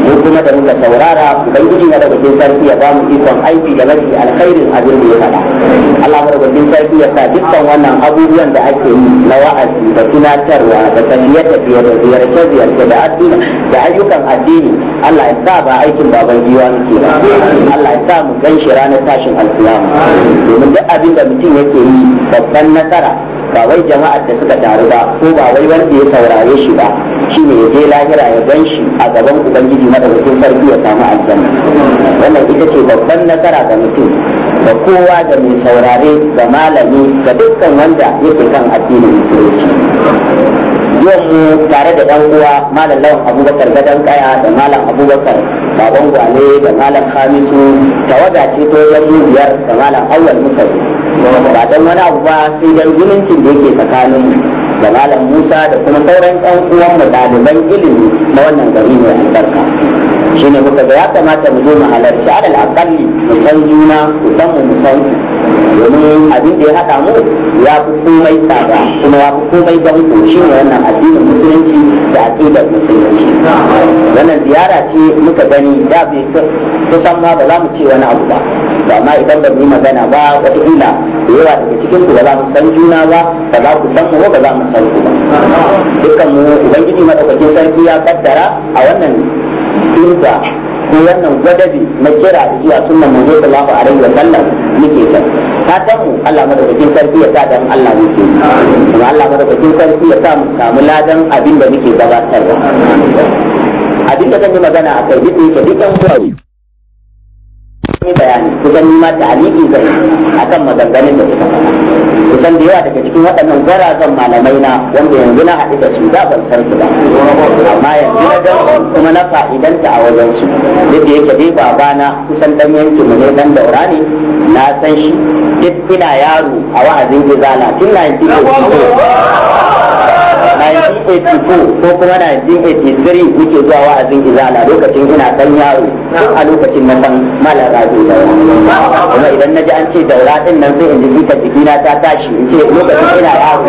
mu kuma da muka saurara ubangiji na daga cikin sarki ya ba mu ikon aiki da mafi alkhairin abin da ya faɗa Allah madaukakin sarki ya sa dukkan wannan abubuwan da ake yi na wa'azi da tunatarwa da tafiye-tafiye da ziyarce-ziyarce da addini da ayyukan addini Allah ya sa ba aikin baban giwa muke Allah ya sa mu gan shi ranar tashin alkiyama domin duk abin da mutum yake yi babban nasara ba wai jama'ar da suka taru ba ko ba wai wanda ya saurare shi ba shine ya je lahira ya gan shi a gaban ubangiji madaukakin sarki ya samu aljanna wannan ita ce babban nasara ga mutum da kowa da mai saurare da malami ga dukkan wanda yake kan addinin musulunci zuwan mu tare da ɗan uwa malam lawan abubakar gadon kaya da malam abubakar baban gwale da malam hamisu tawaga ce to yan biyar da malam awal musa ba dan wani abu ba sai dan zumuncin da yake tsakanin da malam musa da kuma sauran ɗan uwan mu ɗaliban ilimi na wannan gari ne albarka shine muka ga ya kamata mu je mu halarci alal aqalli mu san juna mu san mu san domin abin da ya haɗa mu ya fi komai tsada kuma ya fi komai danko shi ne wannan addinin musulunci da aƙidar musulunci wannan ziyara ce muka gani da bai kusan ma ba za mu ce wani abu ba ba ma idan ba mu magana ba wataƙila da yawa daga cikin ku ba za mu san juna ba ba za ku san mu ba za mu san ku ba dukkan mu ubangiji madaukakin sarki ya kaddara a wannan dinga ko wannan gwadabi na kira zuwa sunnan manzo sallallahu alaihi wa sallam muke ta fatan mu Allah madaukakin sarki ya sa dan Allah muke kuma Allah madaukakin sarki ya sa mu samu ladan abin da muke gabatarwa abin da zan yi magana akai duk yake dukkan su yi bayani kusan nima ta aliki zai kan maganganun da suka kusan da yawa daga cikin waɗannan gwarazan malamai na wanda yanzu na haɗu da su da ban san su ba amma yanzu na dan kuma na fa'idanta a wajen su duk da yake dai na kusan dan yankin mu ne dan daura ne na san shi duk ina yaro a wa'azin gizala tun na yanzu 1984 ko kuma 1983 muke zuwa wa'azin izala lokacin ina dan yaro ko a lokacin na san malam rabi daura kuma idan na ji an ce daura din nan sai in ji jika jikina ta tashi in ce lokacin ina yaro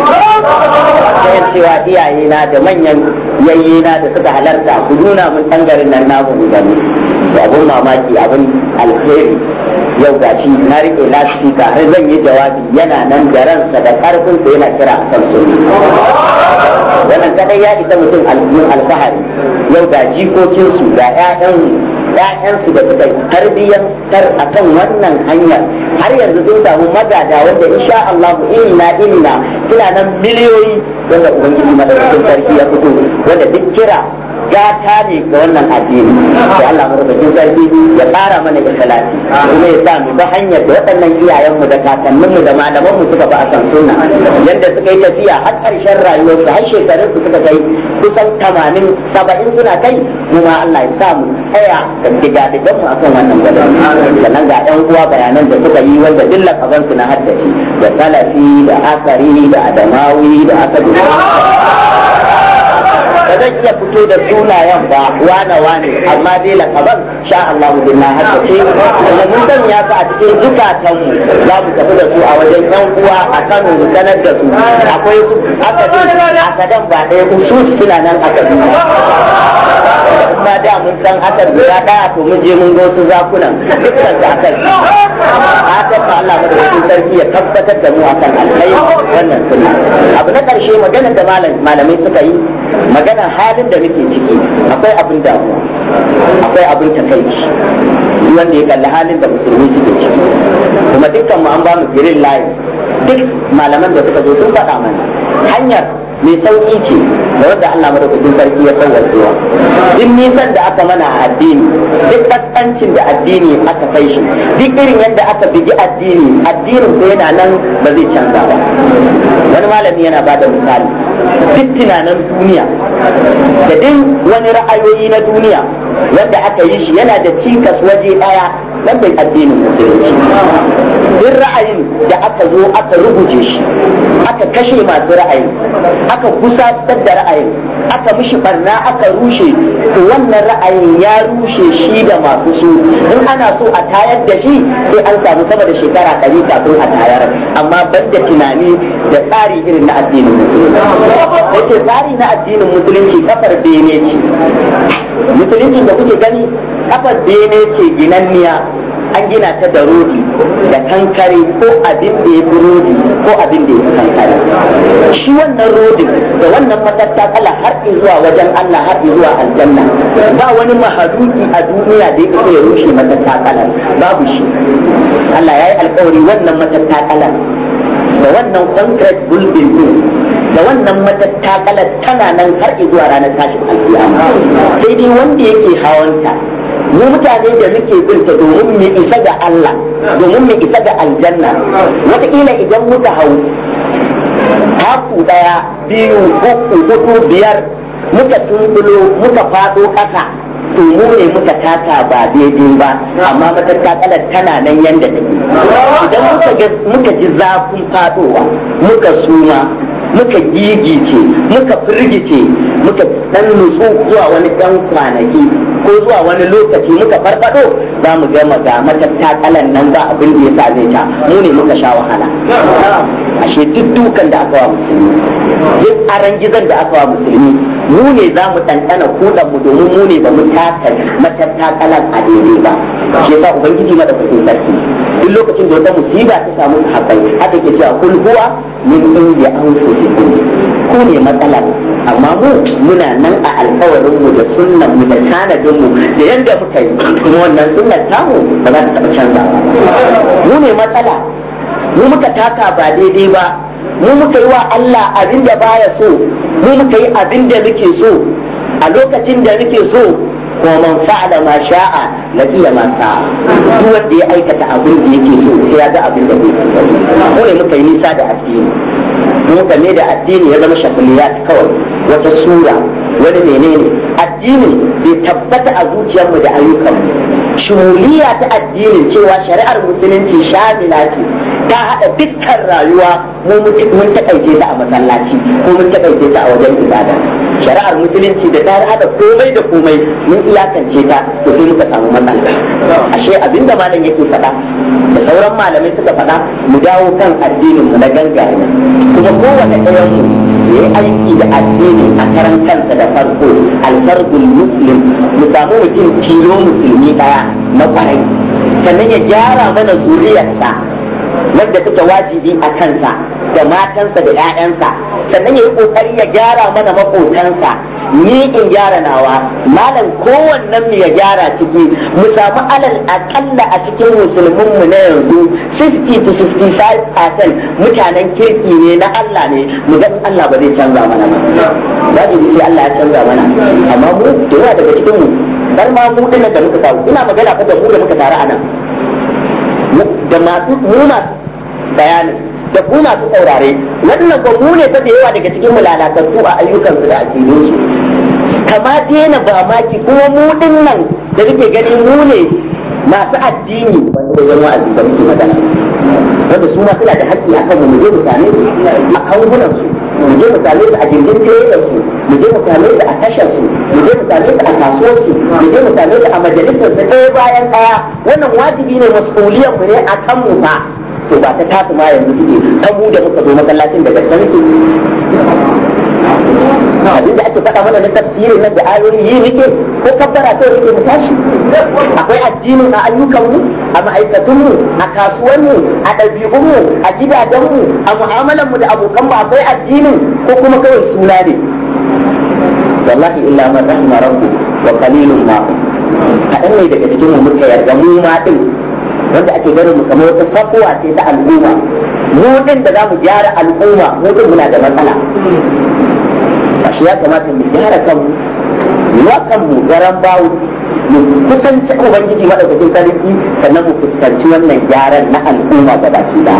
sai cewa iyaye na da manyan yayye na da suka halarta ku nuna mun tangarin nan namu mu gani abun mamaki abun alheri yau shi na rike lasifika har zan yi jawabi yana nan da ransa da karfin sa yana kira kan su. wannan kadai ya isa mutum alfahari yau ga jikokinsu ga 'ya'yan ‘ya'yansu da suka tarbiyyantar a kan wannan hanyar har yanzu sun samu magada wanda insha Allah inna inna suna nan miliyoyi wanda ubangiji madaukakin sarki ya fito wanda duk kira gata ne ga wannan addini sai Allah madaukakin sarki ya fara mana ikhlasi kuma ya sa mu ga hanyar da waɗannan mu da kakannin mu da malaman mu suka ba a sunna yadda suka yi tafiya har ƙarshen rayuwarsu har shekarunsu suka kai kusan tamanin saba'in suna kai mu Allah ya sa mu tsaya da gidadigan mu akan wannan da nan ga ɗan uwa bayanan da suka yi wanda dilla kaban su na haddaci da salafi da asari da adamawi da asabi ba zan iya fito da sunayen ba wane wane amma dai lakaban sha Allahu billah haka ce da mun san ya fa a cikin zukatan mu za mu tafi da su a wajen yan uwa a Kano mu sanar da su akwai su aka a dan ba ɗaya ku su suna nan a Kaduna amma da mun san hakan ya ɗaya to mun je mun go su zakunan dukkan da hakan hakan ba Allah da sarki ya tabbatar da mu akan alkhairi wannan sunna abu na ƙarshe maganar da malamai suka yi Magana halin da nake ciki akwai abin da akwai abin takaici wanda ya kalli halin da musulmi suke ciki kuma dukkan mu an ba mu green light duk malaman da suka zo sun faɗa mana hanyar mai sauƙi ce da wanda Allah madaukakin sarki ya sauwacewa duk nisan da aka mana a addini duk kaskancin da addini aka kai shi duk irin yadda aka bigi addini addinin ko yana nan ba zai canza ba wani malami yana ba da misali duk tunanin duniya da duk wani ra'ayoyi na duniya wanda aka yi shi yana da cikas waje daya nan bai addinin musulunci din ra'ayin da aka zo aka rubuce shi aka kashe masu ra'ayi aka kusa da ra'ayin aka mishi barna aka rushe to wannan ra'ayin ya rushe shi da masu su in ana so a tayar da shi sai an samu sama da shekara ɗari kafin a tayar amma banda tunani da tsari irin na addinin musulunci yake tsari na addinin musulunci kafar bene ce musulunci da kuke gani kafar bene ce ginanniya an gina ta da rodi da kankare ko abin da ya fi rodi ko abin da ya fi kankare shi wannan rodin da wannan matattakala har zuwa wajen Allah har zuwa aljanna ba wani mahaluki a duniya da ya ya rushe matattakalar babu shi Allah ya yi alkawari wannan matattakalar da wannan concrete building din da wannan matattakalar tana nan har zuwa ranar tashin alkiyama sai dai wanda yake hawanta mu mutane da muke bin ta domin mu isa da Allah domin mu isa da aljanna wataƙila idan muka hau taku daya biyu uku hudu biyar muka tuntulo muka faɗo ƙasa to mu ne muka taka ba daidai ba amma matattakalar tana nan yanda take idan muka muka ji zafin fadowa muka suma muka gigice muka firgice muka dan nutsu zuwa wani dan kwanaki ko zuwa wani lokaci muka farfado za mu ga mata mata takalan nan ba abin da ya same ta mu ne muka sha wahala ashe duk dukan da aka wa musulmi duk arangizan da aka wa musulmi mu ne za mu ɗanɗana kuɗan mu domin mu ne ba mu taka matattakalan a daidai ba shi ba ubangiji da kusin sarki duk lokacin da wata musiba ta samu sahabbai haka ke cewa kul huwa min inda an fusi ku ne matsalar amma mu muna nan a alkawarin mu da sunnan mu da tanadin mu da yadda muka yi kuma wannan sunnan tamu ba za ta taɓa canza. mu ne matsala mu muka taka ba daidai ba mu muka yi wa Allah abin da baya so mu muka yi abin da muke so a lokacin da muke so ko man fa'ala ma sha'a na iya mata duk wanda ya aikata abin da yake so sai ya ga abin da yake so mu ne muka yi nisa da addini mu game da addini ya zama shakuliyat kawai wata sura wani menene addinin bai tabbata a zuciyarmu da ayyukanmu shumuliya ta addinin cewa shari'ar musulunci shamila ce ta haɗa dukkan rayuwa mun taƙaice ta a masallaci ko mun taƙaice ta a wajen ibada shari'ar musulunci da ta haɗa komai da komai mun iyakance ta to sai muka samu matsala ashe abinda malam yake faɗa da sauran malamai suka faɗa mu dawo kan addinin mu na gangare kuma kowane ɗayan mu ya aiki da addini a karan kansa da farko alfarbul muslim mu samu mutum kilo musulmi daya na kwarai sannan ya gyara mana zuriyarsa wadda take wajibi a kansa da matansa da 'ya'yansa sannan ya yi kokari ya gyara mana maƙotansa ni in gyara nawa malam kowannen mu ya gyara ciki mu samu alal akalla a cikin musulmin mu na yanzu 60 to 65 mutanen kirki ne na Allah ne mu ga Allah ba zai canza mana ba za mu Allah ya canza mana amma mu da yawa daga cikin mu bar ma mu dinnan da muka samu ina magana fa da mu da muka tare a nan da masu muna bayanin da kuma masu saurare wannan ba mu ne ta da yawa daga cikin mulalatattu a ayyukansu da addinin su kama daina ba maki kuma mu ɗin nan da kake gani mu ne masu addini wanda zama addini da muke magana wanda su ma suna da haƙƙi akan mu je mu same su a kangunan su mu je mu same su a gindin tirelar su mu je mu same su a tashar su mu je mu same su a kasuwar su mu je mu same su a majalisar su ɗaya bayan ɗaya wannan wajibi ne mas'uliyar mu ne akan mu ba to ba ta tasu ma yanzu kike ta mu da muka zo masallacin daga sarki abin ake faɗa mana na tafsirin nan da ayoyi yi nike ko kabbara ta rike mu tashi akwai addinin a ayyukan mu a ma'aikatun mu a kasuwan mu a ɗabi'un mu a gidajen mu a mu'amalan mu da abokan mu akwai addinin ko kuma kawai suna ne wallahi illa man rahma rabbu wa qalilun ma kaɗan ne daga cikin mu muka yarda mu ma din wanda ake ganin mu kamar wata safuwa ce ta al'umma mu din da za mu gyara al'umma mu din muna da matsala ashe ya kamata mu gyara kanmu wa mu garan bawo mu kusanci ubangiji madaukakin sarki sannan mu fuskanci wannan gyaran na al'umma baki da,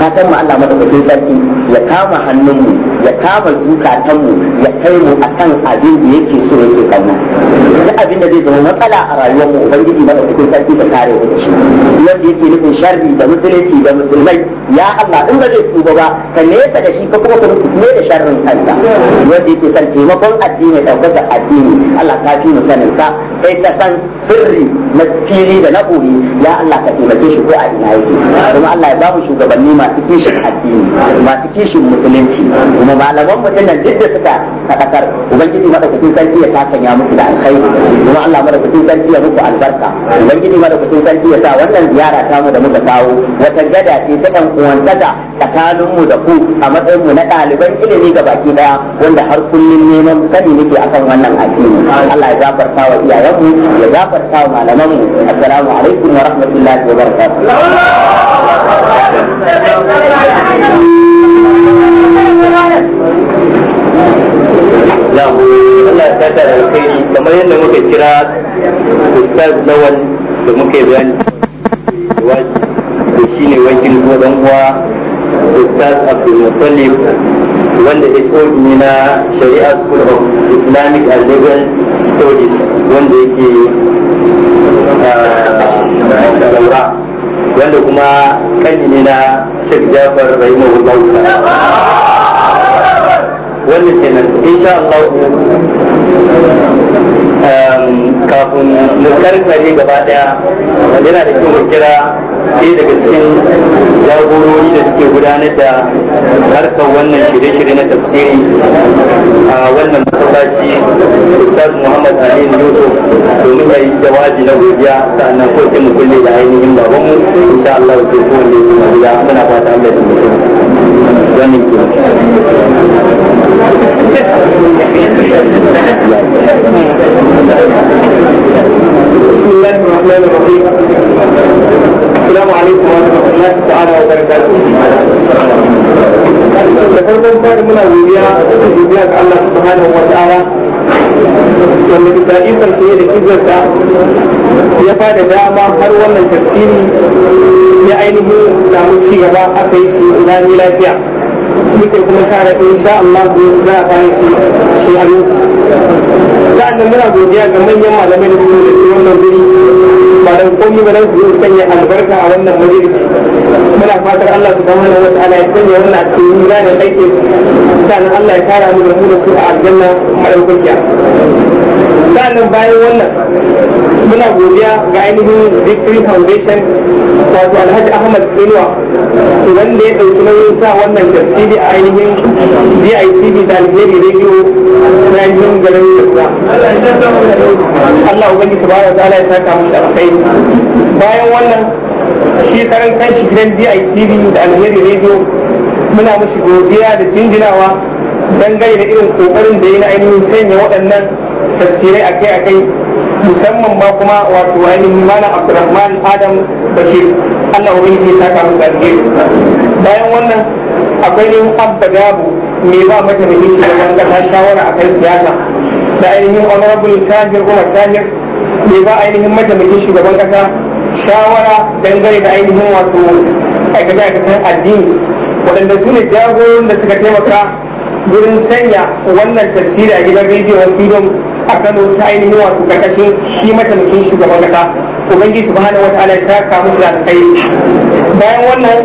na san mu Allah madaukakin sarki ya kama hannun mu. ya kama zukatanmu ya kai mu a kan abin da yake so ya ke kauna duk abin da zai zama matsala a rayuwar mu ba na cikin sarki da kare da shi wanda yake nufin sharri da musulunci da musulmai ya Allah in ba zai tuba ba ka nesa da shi ka kuma ka ne da sharrin kanka wanda yake san taimakon addini daukaka addini Allah ka fi mu ka kai ka san sirri na fili da na koyi ya Allah ka taimake shi ko a ina yake kuma Allah ya ba mu shugabanni masu kishin addini masu kishin musulunci kuma malaman mu duk da suka kaɗakar ubangiji kusin sarki ya ya musu da alkhairi kuma Allah kusin sarki ya muku albarka ubangiji kusin sarki ya sa wannan ziyara ta mu da muka kawo wata gada ce ta ɗan uwantaka tsakanin mu da ku a matsayin mu na ɗaliban ilimi ga baki ɗaya, wanda har kullum neman sani nake akan wannan addini Allah ya gafarta wa iyayen mu ya gafarta wa malaman mu assalamu alaikum wa rahmatullahi wa barakatuh jazakallahu Allah ya saka da alkhairi kamar yadda muka kira ustaz lawal da muke yi bayani da shine wakil ko dan uwa ustaz abdul mutallib wanda HOD ne na Sharia School of Islamic and Legal Studies wanda yake ah, daura wanda kuma kanyi ne na Sheikh Jafar Rahimahullah wannan kenan insha Allah ehm, kafin mu karkare gaba daya yana da kyau mu kira ɗaya daga cikin jagorori da suke gudanar da harkar wannan shirye-shirye na tafsiri a wannan masallaci Ustaz Muhammad Ali Yusuf domin ya yi jawabi na godiya sannan ko mu kulle da ainihin babanmu insha Allah sai kuma ne mu muna fata Allah ya gane ku بسم fara muna godiya ga Allah wanda bisa isar sai da ya dama har wannan tafsiri ya ainihin samu ci gaba aka yi shi lafiya muke kuma sa da insha Allah za a kai shi shi aminci sa'annan muna godiya ga manyan malamai da kuma da wannan guri ba da komai ba dan su sanya albarka a wannan majalisi muna fatar Allah su subhanahu wata ala ya sanya wannan a cikin su aikin sannan Allah ya kara mu da mu da su a aljanna madaukakiya sa'annan bayan wannan muna godiya ga ainihin victory foundation wato alhaji ahmad inuwa wanda ya ɗauki nauyin sa wannan tafsiri a ainihin DITV da Alheri Radio na ainihin garin Yarda. Allah Ubangi su bawa ta'ala ya saka musu alkhairi. Bayan wannan shi karan kanshi gidan DITV da Alheri Radio muna mashi godiya da jinjinawa don da irin kokarin da ya na ainihin sanya waɗannan tafsirai akai-akai musamman ba kuma wato ainihin mana abdurrahman adam bashir allah wani ke saka musu alheri bayan wannan akwai ne abba dabu me ba mata mai yake da wanda ta shawara akan siyasa da ainihin honorable tahir umar tahir me ba ainihin mataimakin shugaban kasa shawara dangane da ainihin wato aikace-aikacen addini waɗanda su ne jagorin da suka taimaka wurin sanya wannan tafsiri a gidan rediyon freedom a Kano ta ainihin wato karkashin shi mataimakin shugaban kasa ubangiji subhanahu wataala ya saka musu da kai bayan wannan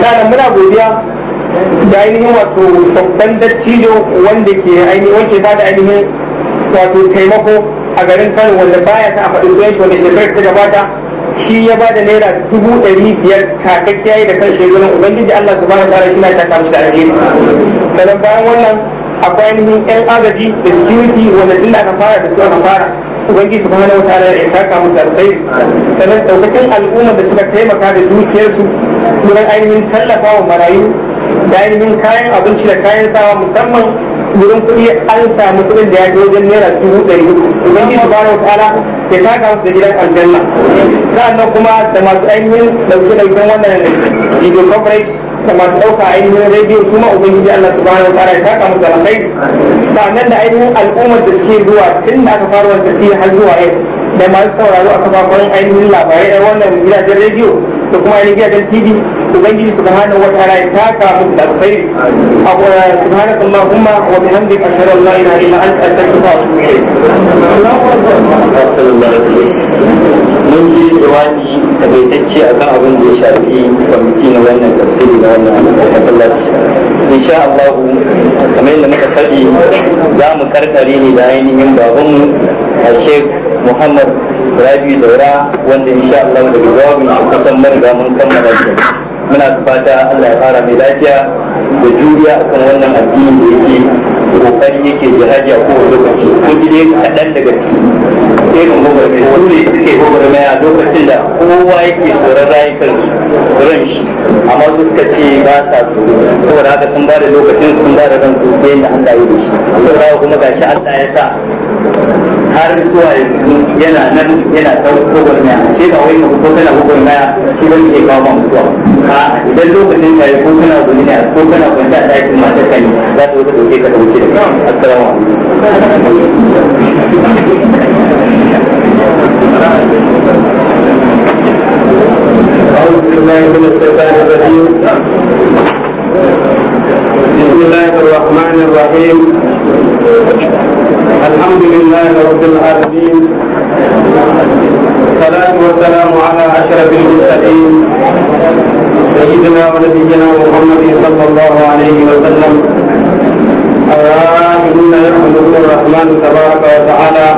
da muna godiya da ainihin wato babban dattijo wanda ke ainihin wanda ba da ainihin wato taimako a garin Kano wanda baya ta a faɗin sunan shi wanda shekarar ta gabata shi ya ba da naira dubu ɗari biyar yi da kan shi ubangiji Allah su da tsara shi na saka da alheri sannan bayan wannan akwai ainihin yan agaji da security wanda illa na fara da suwa na fara ubangiji su kuma na wata ala ya saka musu alkhairi sannan daukacin al'ummar da suka taimaka da dukiyarsu wurin ainihin tallafa wa marayu da ainihin kayan abinci da kayan sawa musamman wurin kuɗi an samu kuɗin da ya ke wajen naira dubu ɗari ubangi su bara wata ala ya kaka musu da gidan aljanna sa'annan kuma da masu ainihin ɗauke-ɗauken wannan video coverage suka masu ɗauka ainihin rediyo kuma ubangiji Allah subhanahu tsara ya saka musu a sannan da ainihin al'ummar da suke zuwa tun da aka fara wannan suke har zuwa yau da masu sauraro a kafafen ainihin labarai a wannan gidajen rediyo da kuma ainihin gidajen tv ubangiji subhanahu wa ta'ala ya taka muku da alkhairi eh, subhanaka allahumma wa bihamdika ashhadu an la akan abin ya shafi kwamiti na wannan tafsiri muka za karkare ne da ainihin babanmu a Sheikh Muhammad Rabi Daura wanda insha Allah daga jawabin kusan mun mun kammala shi muna fata Allah ya fara mai lafiya da juriya kan wannan addini da yake kokari yake jihadi a kowane lokaci ko dai kaɗan daga ciki irin gwagwarmai ko ne suke gwamnati a lokacin da kowa yake tsoron rayukan ran shi amma su suka ce ba sa su saboda haka sun ba da lokacin sun ba da ran sosai da Allah ya yi da shi saboda kuma gashi Allah ya sa har zuwa yanzu yana nan yana ɗauko gwamnati a ce ba ko kana shi ba ke kawo mutuwa a idan lokacin ka ko kana gwamnati ko kana a ɗakin mata ka za ta wata ka dauke da assalamu أعوذ بالله من الشيطان الرجيم بسم الله الرحمن الرحيم الحمد لله رب العالمين الصلاة والسلام على أشرف المرسلين سيدنا ونبينا محمد صلى الله عليه وسلم الراحمون يرحمهم الرحمن تبارك وتعالى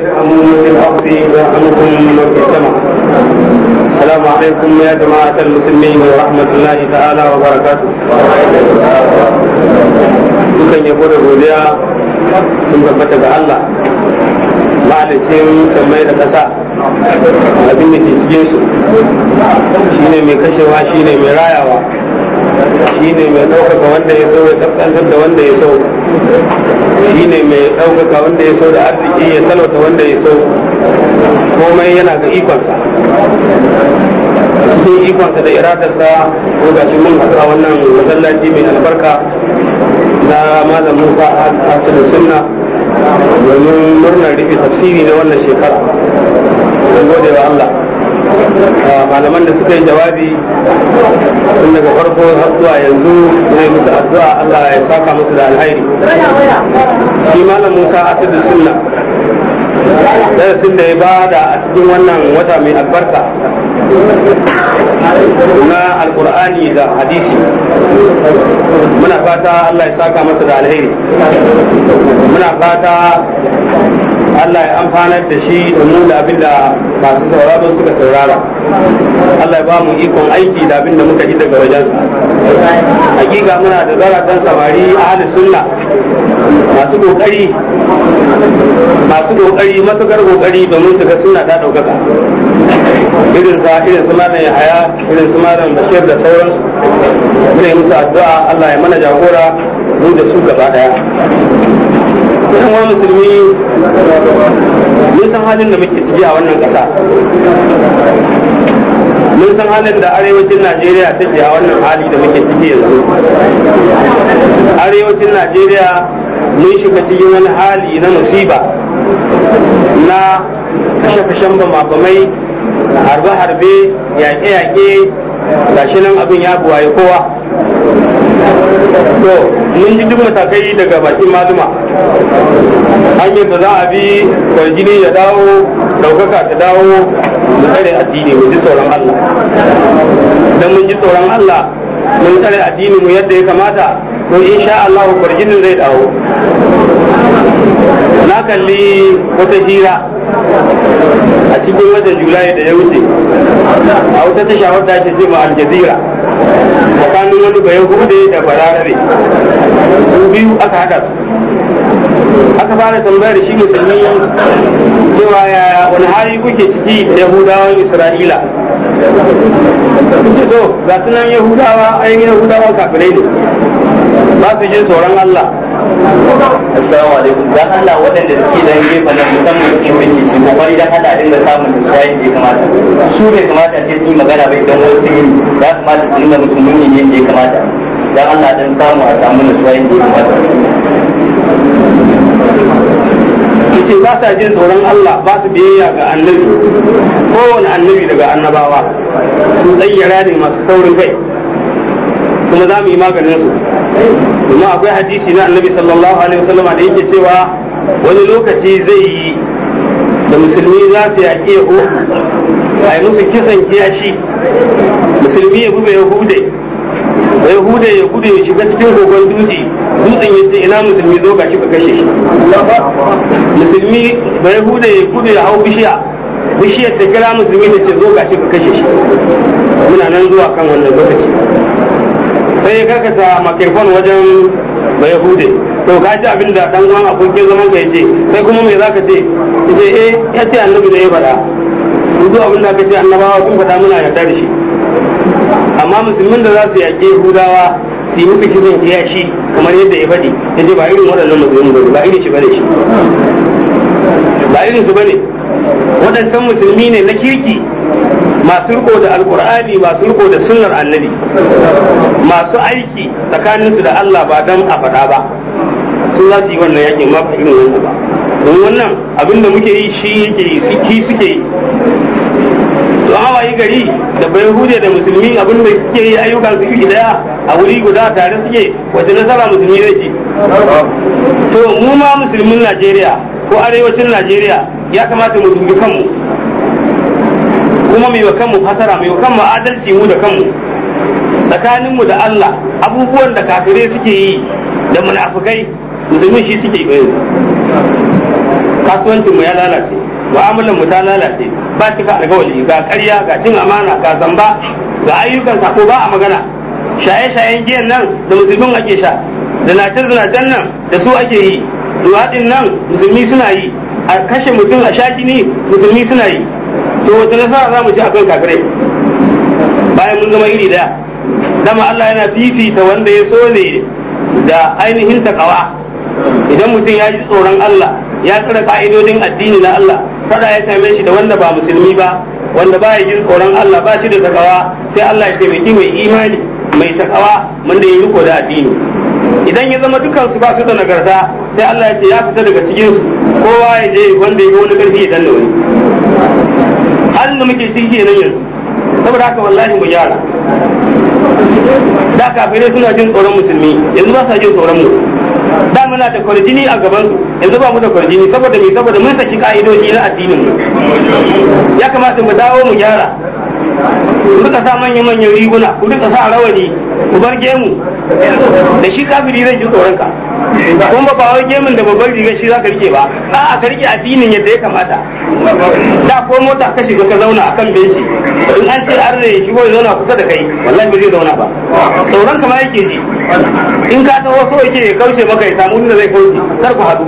ارحموا من في الأرض وارحمكم من في السماء السلام عليكم يا جماعة المسلمين ورحمة الله تعالى وبركاته dukan yabo da godiya sun tabbata ga Allah mahalicin sammai da ƙasa abin da ke cikin su shine mai kashewa shine mai rayawa shine mai ɗaukaka wanda ya so ya da wanda ya so Shi ne mai ɗaukaka wanda ya so da arziki ya salwata wanda ya so komai yana ga ikonsa cikin ikonsa da iradarsa ko ga mun haɗa wannan masallaci mai albarka na malam musa asirin sunna domin murnar rufe tafsiri na wannan shekara don gode wa allah malaman da suka yi jawabi tun daga farko har zuwa yanzu ne musu addu'a Allah ya saka musu da alhairi shi malam Musa Asidu Sunna sun da ya bada a cikin wannan wata mai albarka na alkur'ani da hadisi muna fata Allah ya saka masa da alheri muna fata Allah ya amfanar da shi da mu da abin da masu sauraron suka saurara Allah ya ba mu ikon aiki da abin da muka yi daga wajensa hakika muna da zaratan samari halin sunna masu kokari masu kokari matukar kokari domin su ga suna ta daukaka irin sa irin su malam haya irin su malam bashir da sauransu muna yi musu addu'a Allah ya mana jagora mu da su gaba daya yan wa musulmi mun san halin da muke ciki a wannan ƙasa mun san halin da arewacin najeriya take a wannan hali da muke ciki yanzu arewacin najeriya mun shiga cikin wani hali na musiba na kashe-kashen bamabamai harbe-harbe yaƙe-yaƙe gashi nan abin ya buwaye kowa to mun ji dubna takai daga bakin maluma an yi za a bi kwargini ya dawo daukaka ta dawo mu tsare addini mu ji tsoron Allah dan mun ji tsoron Allah mun tsare addini mu yadda ya kamata to insha Allah kwarjinin zai dawo na kalli wata hira a cikin watan julai da ya wuce a wata shawar da ake ce aljazira tsakanin wani bayan hude da bararare su biyu aka hada su aka fara tambayar shi sanyi cewa ya wani hali kuke ciki da yahudawan isra'ila kuce to ga sunan yahudawa ainihin yahudawa kafirai ne ba su tsoron allah assalamu alaikum dan Allah waɗanda suke dan gefe nan musamman suke miki su kokari dan Allah dinga samun shayi da kamata su bai kamata ce su magana bai dan wasu sun yi ya kamata su dinga musu muni ne da ya kamata dan Allah dan samu a samu nutsuwa da ya kamata ce ba sa jin tsoron Allah ba su biyayya ga annabi kowane annabi daga annabawa sun tsayyara ne masu saurin kai kuma za mu yi maganin su kuma akwai hadisi na annabi sallallahu alaihi wasallam da yake cewa wani lokaci zai yi da musulmi za su yaƙe a yi musu kisan kiyashi musulmi ya buga yahude da yahude ya gudu ya shiga cikin kogon dutse dutsen ya ce ina musulmi zo ga ka kashe shi musulmi da yahude ya gudu ya hau bishiya bishiyar ta kira musulmi da ce zo ga ka kashe shi muna nan zuwa kan wannan lokaci sai ya karkata makirfon wajen bai hude to ka ji abin da dan uwan abokin zaman ka yace sai kuma me zaka ce ce eh ya ce annabi ne ya faɗa duk abin da ka ce annabawa sun faɗa muna yarda da shi amma musulmin da za su yaƙi hudawa su yi musu kisan shi kamar yadda ya faɗi ce ba irin waɗannan musulmin ba ba irin shi bane shi ba irin su bane waɗancan musulmi ne na kirki masu riko da alkur'ani masu riko da sunnar annabi masu aiki tsakaninsu da Allah ba dan a faɗa ba sun za su yi wannan yakin ma irin wannan ba don wannan abin da muke yi shi yake yi ki suke yi to hawa yi gari da bai hude da musulmi abin da suke yi ayyukan su iri daya a wuri guda tare suke wace nasara musulmi zai ci to mu ma musulmin Najeriya ko arewacin Najeriya ya kamata mu dubi kanmu kuma mai wa kanmu fasara mai wa kanmu adalci mu da kanmu tsakaninmu da Allah abubuwan da kafirai suke yi da munafikai musulmi shi suke yi kasuwancin mu ya lalace mu'amalan mu ta lalace ba shi ka alƙawari ga ƙarya ga cin amana ga zamba ga ayyukan sako ba a magana shaye-shayen giyan nan da musulmin ake sha zinace-zinacen nan da su ake yi duwadin nan musulmi suna yi a kashe mutum a sha ne musulmi suna yi to wata nasara za mu ci akan kafirai bayan mun zama iri daya dama Allah yana fifita wanda ya so ne da ainihin takawa idan mutum ya ji tsoron Allah ya tsara ka'idodin addini na Allah kada ya same shi da wanda ba musulmi ba wanda ba ya ji tsoron Allah ba shi da takawa sai Allah ya ce mai imani mai takawa da ya riko da addini idan ya zama dukkansu su ba su da nagarta sai Allah ya ce ya fita daga cikin su kowa ya je wanda ya wani karfi ya danna wani halin da muke cikin kenan yanzu saboda haka wallahi mu gyara da kafirai suna jin tsoron musulmi yanzu ba sa jin tsoron mu da muna da kwarjini a gaban su yanzu ba mu da kwarjini saboda mai saboda mun saki ka'idoji na addinin mu ya kamata mu dawo mu gyara ku rika sa manyan manyan riguna ku rika sa rawani ku bar gemu da shi kafiri zai ji tsoron ka kuma ba wai gemun da babban rigar shi zaka rike ba a ka rike addinin yadda ya kamata da ko mota ka shiga ka zauna akan benci in an ce an ne shi zauna kusa da kai wallahi bai zai zauna ba sauran kama yake ji in ka ta wasu yake ya kauce maka ya samu inda zai kauce kar ku hadu.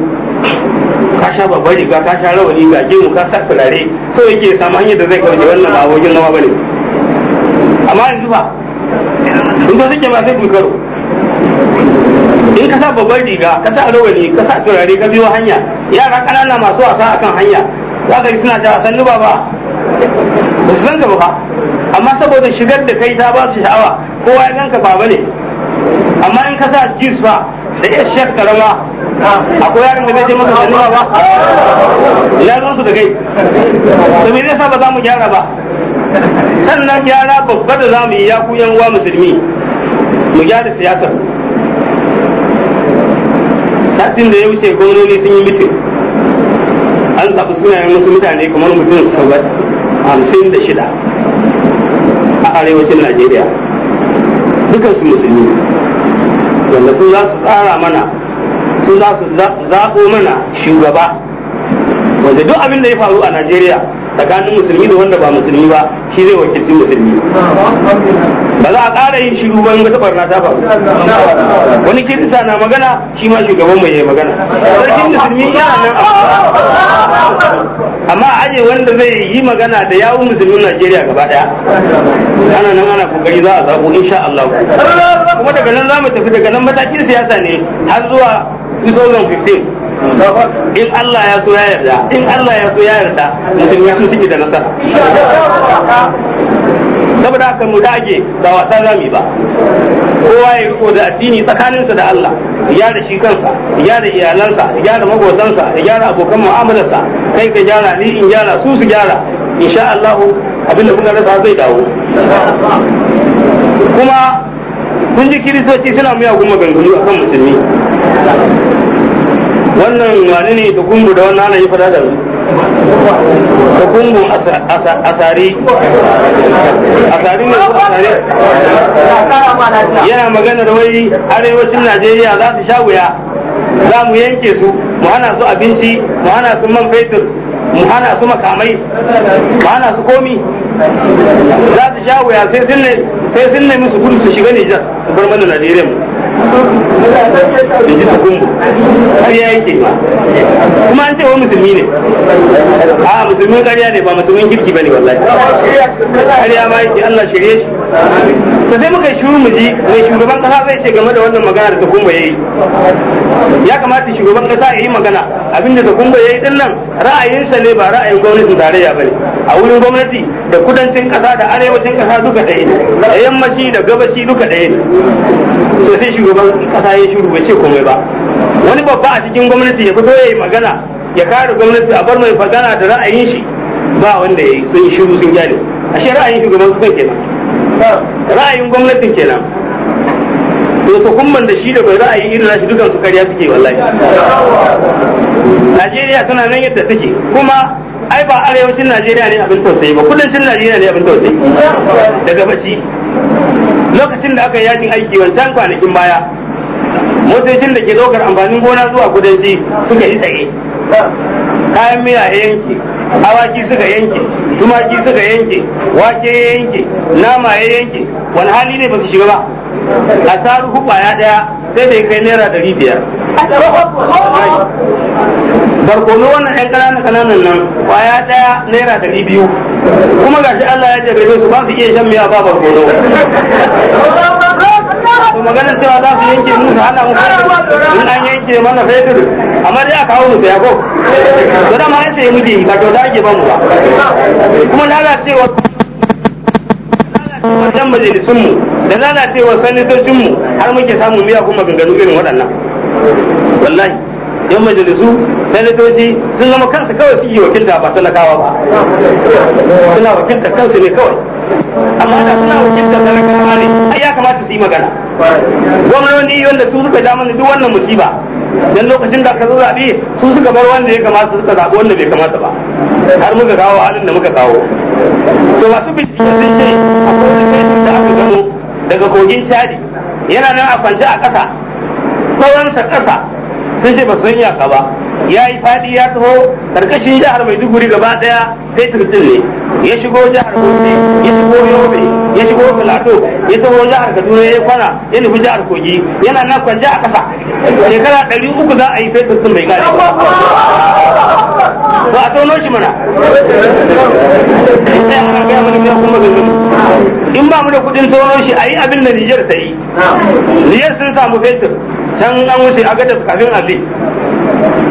ka sha babban riga ka sha rawani ga gemu ka sa turare so yake ya samu hanyar da zai kauce wannan ba wajen nawa bane amma yanzu ba in ba suke ba sai kun karo in ka sa babban riga ka sa rawani ka sa turare ka biyo hanya yara kanana masu wasa akan hanya za ka yi suna ta wasan luba ba ba su san gaba ba amma saboda shigar da kai ta ba su sha'awa kowa ya ganka baba ne amma in ka sa jeans ba da iya shek karama akwai yaran da zai maka sanuwa ba ya zo su da kai to me yasa ba za mu gyara ba sannan gyara babba da za mu yi ya ku yan uwa musulmi mu gyara siyasar satin da ya wuce gwamnoni sun yi mutum an zaɓi sunayen wasu mutane kamar mutum hamsin da shida a arewacin najeriya su musulmi wanda sun za su tsara mana sun za su zaɓo mana shugaba wanda duk abin da ya faru a najeriya tsakanin musulmi da wanda ba musulmi ba shi zai wakilci musulmi ba za a ƙara yin shiru ba in wata barna ta ba wani kirista na magana shi ma shugaban mai yayi magana sarkin musulmi yana nan amma a aje wanda zai yi magana da yawun musulmin Najeriya gaba daya ana nan ana kokari za a zaɓo insha Allah kuma daga nan za mu tafi daga nan matakin siyasa ne har zuwa 2015 in Allah ya so ya yarda in Allah ya so ya yarda musulmi sun da nasara saboda haka mu dage ba wasan rami ba kowa ya riko da addini tsakaninsa da Allah ya da shi kansa ya da iyalansa ya da magosansa ya da abokan mu'amalarsa kai ka gyara ni in gyara su su gyara insha Allah abin da kuka rasa zai dawo kuma kun ji kiristoci suna miyagun maganganu akan musulmi wannan wani ne da kungu da wannan ana yi fada da da kungu asari asari ne ko asari yana magana da wai arewacin najeriya za su sha wuya za mu yanke su mu hana su abinci mu hana su man fetur mu hana su makamai mu hana su komi za su sha wuya sai sun nemi su gudu su shiga nijar su bar mana najeriya mu da ji tukun ƙarya yake kuma an ce wa musulmi ne a musulmin ƙarya ne ba musulmin kirki ba ne wallahi ƙarya ma yake Allah shirye shi to sai muka shiru mu ji me shugaban kasa zai ce game da wannan magana da takumba yayi ya kamata shugaban kasa ya yi magana abinda ta ya yi din nan ra'ayinsa ne ba ra'ayin gwamnatin tarayya bane a wurin gwamnati da kudancin kasa da arewacin kasa duka ɗaya ne da yammaci da gabashi duka ɗaya ne to sai shugaban kasa ya shiru bai ce komai ba wani babba a cikin gwamnati ya fito ya yi magana ya kare gwamnati a bar mai magana da ra'ayin shi ba wanda ya yi sun shiru sun gyale ashe ra'ayin shugaban kasa kenan ra'ayin gwamnatin kenan to su kumman da shi da bai ra'ayi irin nashi dukan su karya suke wallahi Najeriya tana nan yadda take kuma ai ba arewacin Najeriya ne abin tausayi ba kudancin Najeriya ne abin tausayi daga bashi lokacin da aka yi yakin aiki wancan kwanakin baya motocin da ke ɗaukar amfanin gona zuwa kudanci suka yi tsaye kayan miya yanki awaki suka yanke tumaki suka yanke wake ya yanke nama ya yanke wani hali ne ba su shiga ba a hukwa ya daya sai da kai naira dari biyar barkono wannan yan ƙananan ƙananan nan kwaya daya naira dari biyu kuma ga shi Allah ya jabe su ba su iya shan miya ba barkono to maganar cewa za su yanke musu hana mu fetur in an yanke mana fetur amma dai a kawo mu ya ko to da ma an sai muke yi ba to da ake ba mu ba kuma lalacewa wannan majalisun mu da lalacewa sanitocin mu har muke samun miya kuma ganganu irin waɗannan wallahi yan majalisu sanitoci sun zama kansu kawai suke wakilta ba talakawa ba suna wakilta kansu ne kawai amma da suna wakilta talakawa ne ai ya kamata su yi magana gwamnoni wanda su suka damar mana duk wannan musiba dan lokacin da ka zo zaɓe su suka bar wanda ya kamata suka zaɓi wanda bai kamata ba har muka kawo halin da muka kawo to masu bincike sun ce a wani kai da aka gano daga kogin cadi yana nan a kwance a ƙasa tsawonsa ƙasa sun ce ba su san iyaka ba ya yi faɗi ya taho karkashin jihar duguri gaba ɗaya sai turtin ne ya shigo jihar Bauchi ya shigo Yobe ya shigo Filato ya taho jihar Kaduna ya kwana ya nufi jihar Kogi yana nan kwanje a kasa shekara ɗari uku za a yi fetur sun bai gane. ba a tono shi mana in ba mu da kudin tono shi a yi abin da Nijar ta yi Nijar sun samu fetur can an wuce a gada kafin Ali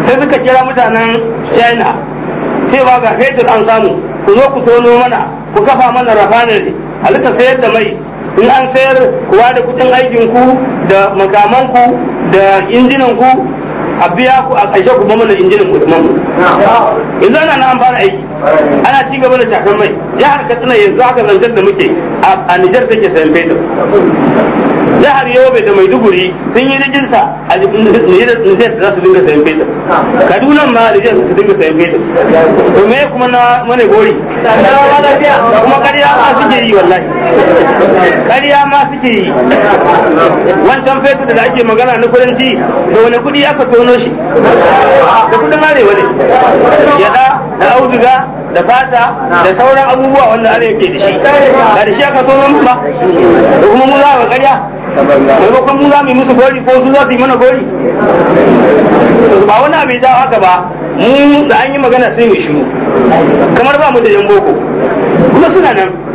sai suka kira mutanen China sai ba ga fetur an samu ku zo ku tono mana ku kafa mana rafanari halitta sayar da mai in an sayar kuwa da kudin ku da makamanku da injinanku a biya ku a ƙarshe ku mana injinan ku da yanzu ana na an fara aiki ana ci gaba da shafin mai jihar katsina yanzu haka zancen da muke a nijar take sayan fetur jihar yobe da maiduguri sun yi rijinsa a nijar za su dinga sayan fetur kaduna ma nijar su dinga sayan fetur to me kuma na mana gori kuma kariya ma suke yi wallahi kariya ma suke yi wancan fetur da ake magana na kudanci da wani kudi aka tono shi da kudin arewa ne ya da auduga da fata da sauran abubuwa wanda ana yake da shi ba da shi aka so mun ba da kuma mun za karya maimakon kuma mun musu gori ko su za yi mana gori ba wani abu ya haka ba mun da an yi magana sai mu shiru kamar ba mu da yan boko kuma suna nan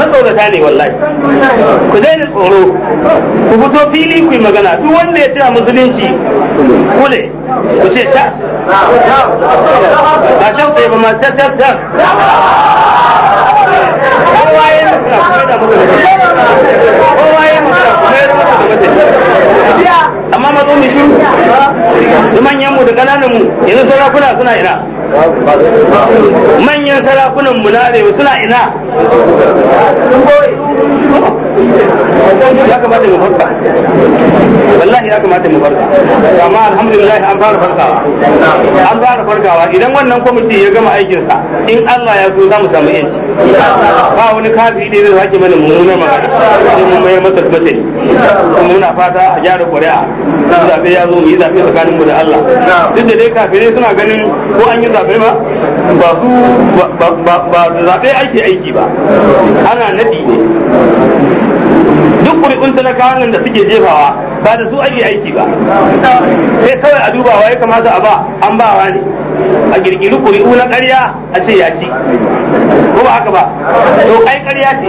matsaurata ne wallahi ku daina tsoro ku fito fili ku yi magana duk wanda ya tira musulunci kule ku ce ta ba shan ba ma ta ta ta kowa ya mutu kowa ya mutu kowa ya mutu amma ma mu shiru da manyan mu da kananan mu yanzu sarakuna suna ina manyan sarakunan mu na arewa suna ina ya kamata mu farka wallahi ya kamata mu farka amma alhamdulillah an fara farkawa an fara farkawa idan wannan kwamiti ya gama sa in Allah ya so za samu yanci ba wani kafi da zai sake mana mummunar magana sai mun mayar masa kuma sai kuma muna fata a gyara ƙuri'a duk zaɓe ya zo mu yi tsakanin mu da Allah duk da dai suna ganin ko an yi ba ba su ba ake aiki ba ana naɗi ne duk kuri'un talakawan nan da suke jefawa ba da su ake aiki ba sai kawai a dubawa ya kamata a ba an bawa ne a girgiri kuri'u na karya a ce ya ci ko ba haka ba to ai ƙarya ce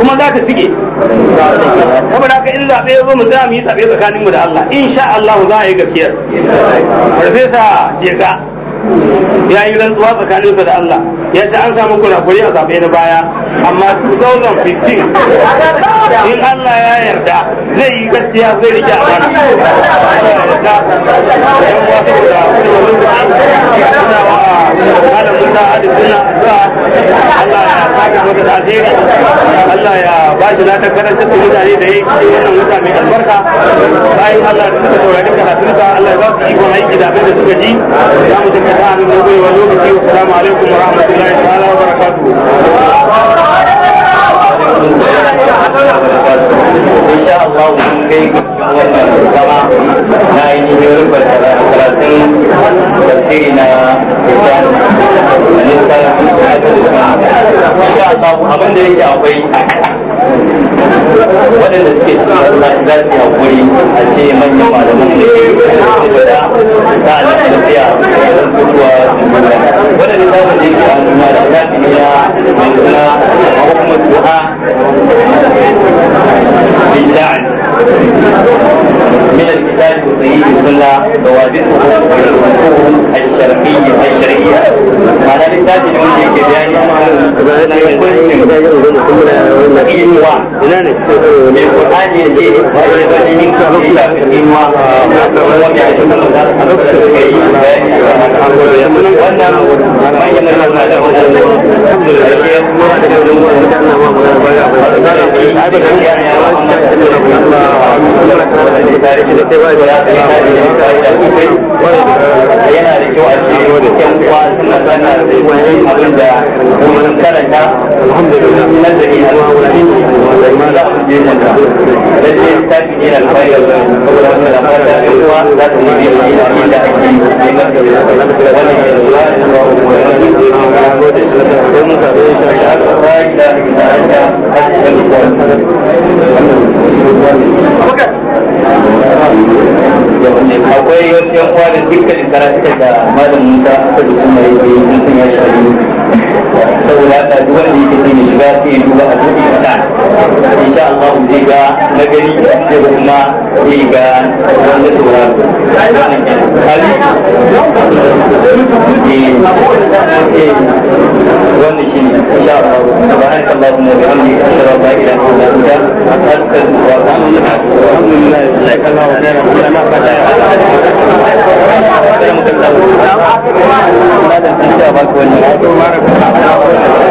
kuma za ta sige saboda haka in zaɓe ya zo mu za mu yi zaɓe tsakaninmu da Allah in sha Allah za a yi gaskiyar farfesa jega ya yi rantsuwa sa da Allah ya ce an samu kurakuri a zaɓe na baya amma 2015 in Allah ya yarda zai yi gaskiya zai rike a wani Allah saka masa da Allah ya ba shi ladan karanta da mutane da yake cikin wannan wata albarka bayan Allah da suka saurari karatunsa Allah ya ba su ikon aiki da abin da suka ji za mu tafi ta hannun na gwiwa lokaci assalamu alaikum wa rahmatullahi ta'ala wa barakatuhu insha Allah mun kai wannan zama na yi nihin karatun na Ibrahim Alisa Insha da yake akwai waɗanda suke cikin masallaci za su haƙuri a ce manyan malaman da ke da sa'an da tafiya da mutuwa waɗanda za mu je ga kuma da zafi mai suna a hukumar du'a billahi من الكتاب وسيد السنة ضوابطه وحقوقه الشرعية الشرعية معنى الكتاب يقول لك بيان إنوا من القرآن يجي ويبني منك إلا إنوا وهم يعرفون ذلك وأن من يمنع له الحمد لله mun haɗa kai don gwada mutane a bai da ai da a ce yan uwa suna sana karanta alhamdulillah nan da ina da akwai wasu yan uwa da dukkan karatuka da malam musa asali suna yi sun ya shi Saudara dua sini juga, nisbati dua abu Insya Allah juga negeri di rumah ikan Dan seorang Kali Di Dua di sini InsyaAllah Subhanallah Alhamdulillah Alhamdulillah Alhamdulillah Alhamdulillah Alhamdulillah Alhamdulillah Alhamdulillah Alhamdulillah Alhamdulillah Alhamdulillah Gracias.